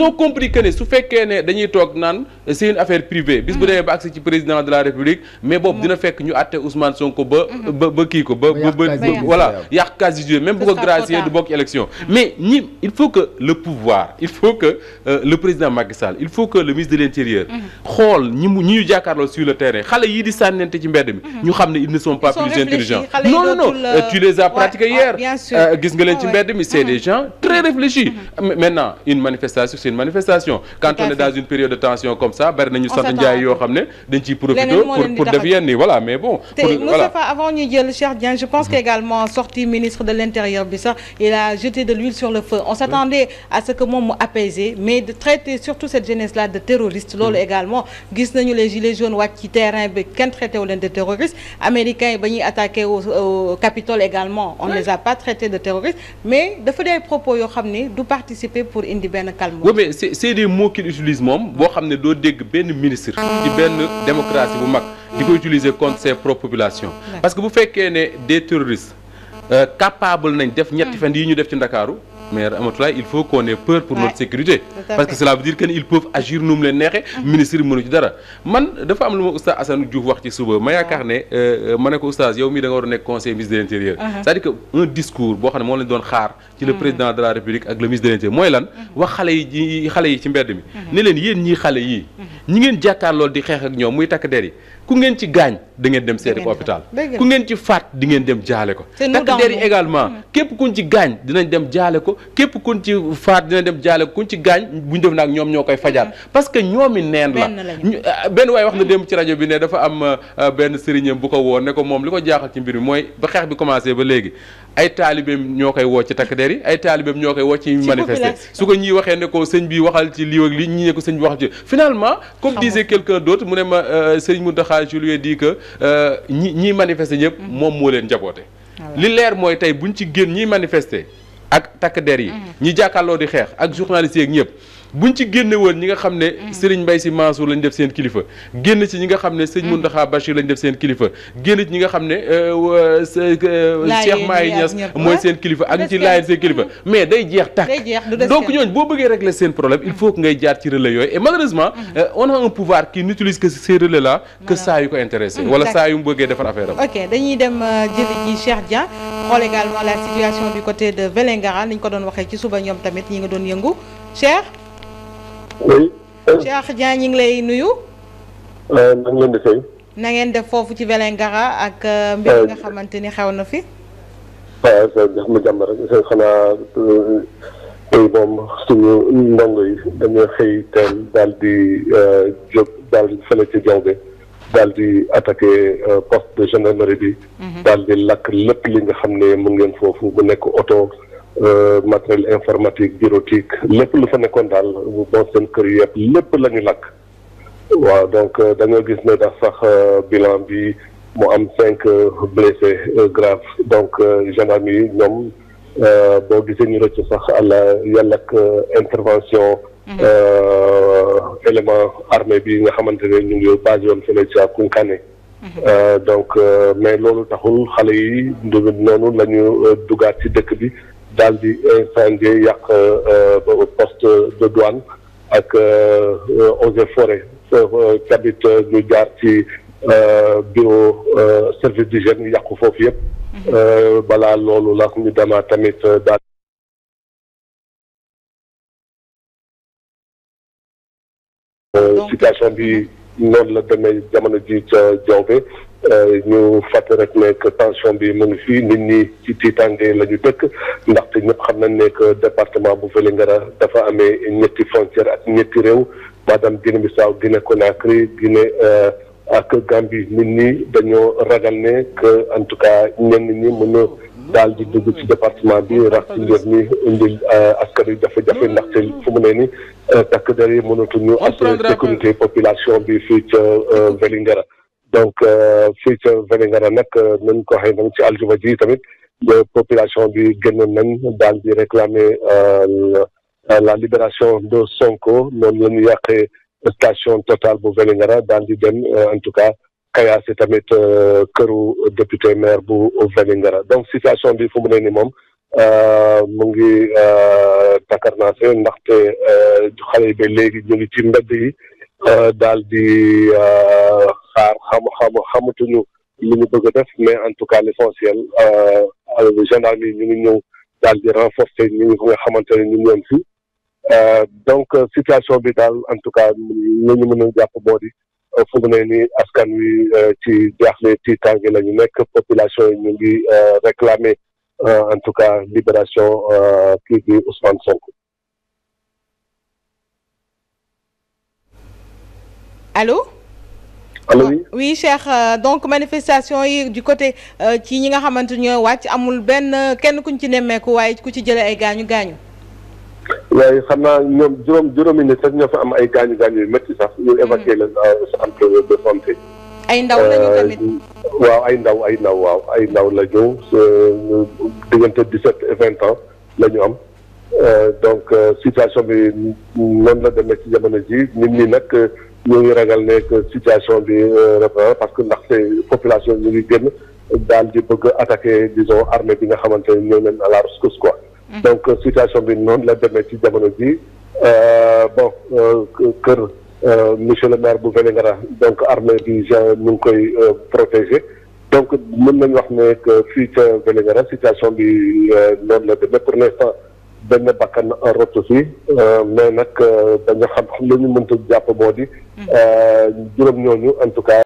ont compris que su fekkee ne dañuy toog naan c'est une affaire bis bu demee ba accès ci président de la république mais boobu dina fekk ñu atte Ousmane Sonko ba ba ba kii ko ba ba voilà yàq casier judiciaire même bu ko gracier du bokk élection mais ñi il faut que le jàkkaarloo sur le ci mbedd mi ñu xam ne ils ne sont pas plus intelligents non non euh, tu les as euh, pratiqués ah, hier euh, gis nga ah, ci mbedd mi c'est des ah. gens très réfléchis mm-hmm. maintenant une manifestation c'est une manifestation quand on est dans une période de tension comme ça bari nañu sant njaay yoo xam ne dañ ciy voilà mais bon voilà avant ñuy jël Cheikh Dieng je pense mm-hmm. qu'également sorti ministre de l'intérieur bi il a jeté de l'huile sur le doon wàcc ci terrain bi kenn traité wu leen de terroriste américains yi ba ñuy attaqué au Capitole également on les a pas traités de terroristes mais dafa dee propos yoo xam ne du participer pour indi benn calme. oui mais c'est utilise moom boo xam ne doo dégg benn ministre ci benn démocratie bu mag di ko utiliser contre ses propres parce que bu fekkee ne des terroristes euh, capables nañ def ñetti hmm. fan yi ñu def ci Ndakaaru mais Ramatoulaye il faut qu'on peur pour notre sécurité parce que cela veut dire que ils nu mu leen neexee mhm. ministre mënu ci dara man dafa am lu ma oustaz Assane Diouf wax ci suba ma yaakaar ne euh, euh, ma ne ko oustaz yow mii da nga war a nekk conseiller ministre de l'intérieur mhm. cest à un discours boo xam ne moom lañ doon xaar ci le mhm. président de la république ak le ministre de l'intérieur mooy lan wax xale yi xale yi ci mbedd mi ne leen yéen ñii xale yii ñi ngeen di xeex ak muy takk der yi ku ngeen ci gaañ da ngeen dem seeti ko hôpital ku ngeen ci faat di dem jaale ko takk der yi également mm. képp kuñ ci gaañ dinañ dem jaale ko képp kuñ ci faat dinañ dem jaale ko kuñ ci gaañ buñ def naag ñoom ñoo koy fajaat mm. parce que ñoomi neen la benn ah, waaye wax na dem ci rajo bi ne dafa am ah, benn sëriñam bu ko woo ne ko moom li ko jaaxal ci mbir mi mooy ba xeex bi commencé ba léegi ay taalibeem ñoo koy woo ci takk der yi ay taalibeem ñoo koy woo ci manifester su ko ñiy waxee ne ko sëñ bi waxal ci là je lui ai dit que euh, ñi ñiy manifester ñëpp mm-hmm. moom moo leen njaboote li leer mooy tey bu buñ ci génn ñiy manifester ak takk der yi mm-hmm. ñi jàkkaarloo di xeex ak journalistes yi ak ñëpp bu buñ ci génne woon ñi nga xam ne mm. Serigne Mbaye Sy Mansour lañ def seen kilifa génn ci ñi nga xam ne Serigne mm. Mountakha Bachir lañ def seen kilifa génn ci ñi nga xam ne euh, euh, euh, Cheikh Maye Niass mooy ah. seen kilifa ak ci laayeen seen kilifa mm. mais day jeex tàkk donc ñooñ boo bëggee régler seen problème il faut que ngay jaar ci relais yooyu et malheureusement on a un pouvoir qui n'utilise que ko intéressé wala saa yu mu bëggee defar affaire am ok dañuy dem jëli ji Cheikh Dia xool la situation côté de Vélingara ni ñu ko doon waxee ci suba ñoom tamit ñi nga doon yëngu Cheikh oui. Cheikh Diagne ñu ngi lay nuyu. Euh, na ngeen def foofu ci Vélingara ak. Euh, mbir nga euh, xamante ni xew na fi. waaw sa jàmm jàmm rek tey moom suñu ndongo yi dañoo xëy teel daal di jóg daal di ci jaww bi daal di attaqué poste de gendarmerie bi. Mhm. daal di lakk lépp li nga xam ne mu ngeen foofu bu nekk oto. Euh, matériel informatique bureautique lépp lu fa nekkoon daal bon seen kër yi lépp la ñu lakk waaw donc euh, dañoo gis ne dax sax euh, bilan bi mu am cinq blessés graves donc gendarme yi ñoom boo gisee ñu rëcc sax àlla yàlla ak intervention mhm. élément armée bi nga xamante ne ñu ngi basé woon fële ca Koungkané mhm. donc mais loolu taxul xale yi du noonu la dugaat ci dëkk bi daal di eh, incendier yàq eh, poste de douane ak eh, eaux et forêt tamit ñu jaar bureau service d'hygiène ñu yàqu foofu yëpp mhm. balaa loolu la ñu demaat tamit noonu la demee jamono ji ca Diaobé euh, ñu fàtte rek ne que tension bi mu ngi fii nit ñi ci tiitaange la ñu dëkk ndaxte ñëpp xam nañ ne que département bu Vélingara dafa amee ñetti frontière ak ñetti réew maanaam Guinée Bissau Guinée Conakry Guinée euh, ak Gambie nit ñi dañoo ragal ne que en tout cas ñenn ñi mën a daal di dugg ci département bi rax ci mbir mi indil euh, askan wi jafe-jafe ndaxte fu mu ne ni euh, takk der yi mënatuñu assurer sécurité population bi fii ca euh, Vélingara donc fii ca Vélingara nag nañ ko waxee nañ ci aljuma ji tamit population bi génnoon nañ daal di réclamer la libération de Sonko noonu la ñu station Total bu Vélingara daan di dem euh, en tout cas kayaasi tamit euh, këru député maire bu Vélingara donc situation bi fu mu ne ni moom euh, mu ngi takarnaase ndaxte xale yi ba léegi ñu ngi ci mbedd yi dal di xaar xam xam xamatuñu li ñu bëgg a def mais en tout cas l'essentiel gendarme ñu ngi ñëw daal di renforcer ñu ngi fu nga xamante ne ñu ngi woon Euh, donc euh, situation bi daal en tout cas lu ñu mën a jàpp moo di euh, foog ni askan wi ci jaaxle ci tàngi la ñu nekk population yi ñu ngi réclamer en tout cas libération kii di Ousmane Sonko. allo. allo oh, oui oui Cheikh donc manifestation yi du côté ci ñi nga xamante ñooy wàcc amul benn kenn kuñ ci nemmeeku waaye ku ci jëlee ay gaañu gaañu. waaye xam naa ñoom juróom juróomi nit sax ñoo fa am ay gaañu gaañu yu métti sax ñu hmm. évacué leen sa centre de lañu euh, waaw ay ndaw ay ndaw waaw ay ndaw la ñëw diggante dix sept et vingt la ñu am euh, donc euh, situation bi noonu la demee ci jamono ji nit ñi nag ñu ngi ragal ne que situation bi reprend parce que ndaxte population ñu ngi génn daal di bëgg attaqué disons armée bi nga xamante ne ñëw leen à la rescousse quoi. Mhm. donc euh, situation bi noonu la demee ci jamono bi euh, bon euh, kër monsieur le maire bu Vélingara donc armée bi gen ñu ngi koy protéger donc mën nañu wax ne fii ca Vélingara situation bi noonu la demee pour l'instant benn bakkan en route si mais nag dañu xam xam la ñu jàpp moo di mhm. juróom ñooñu en tout cas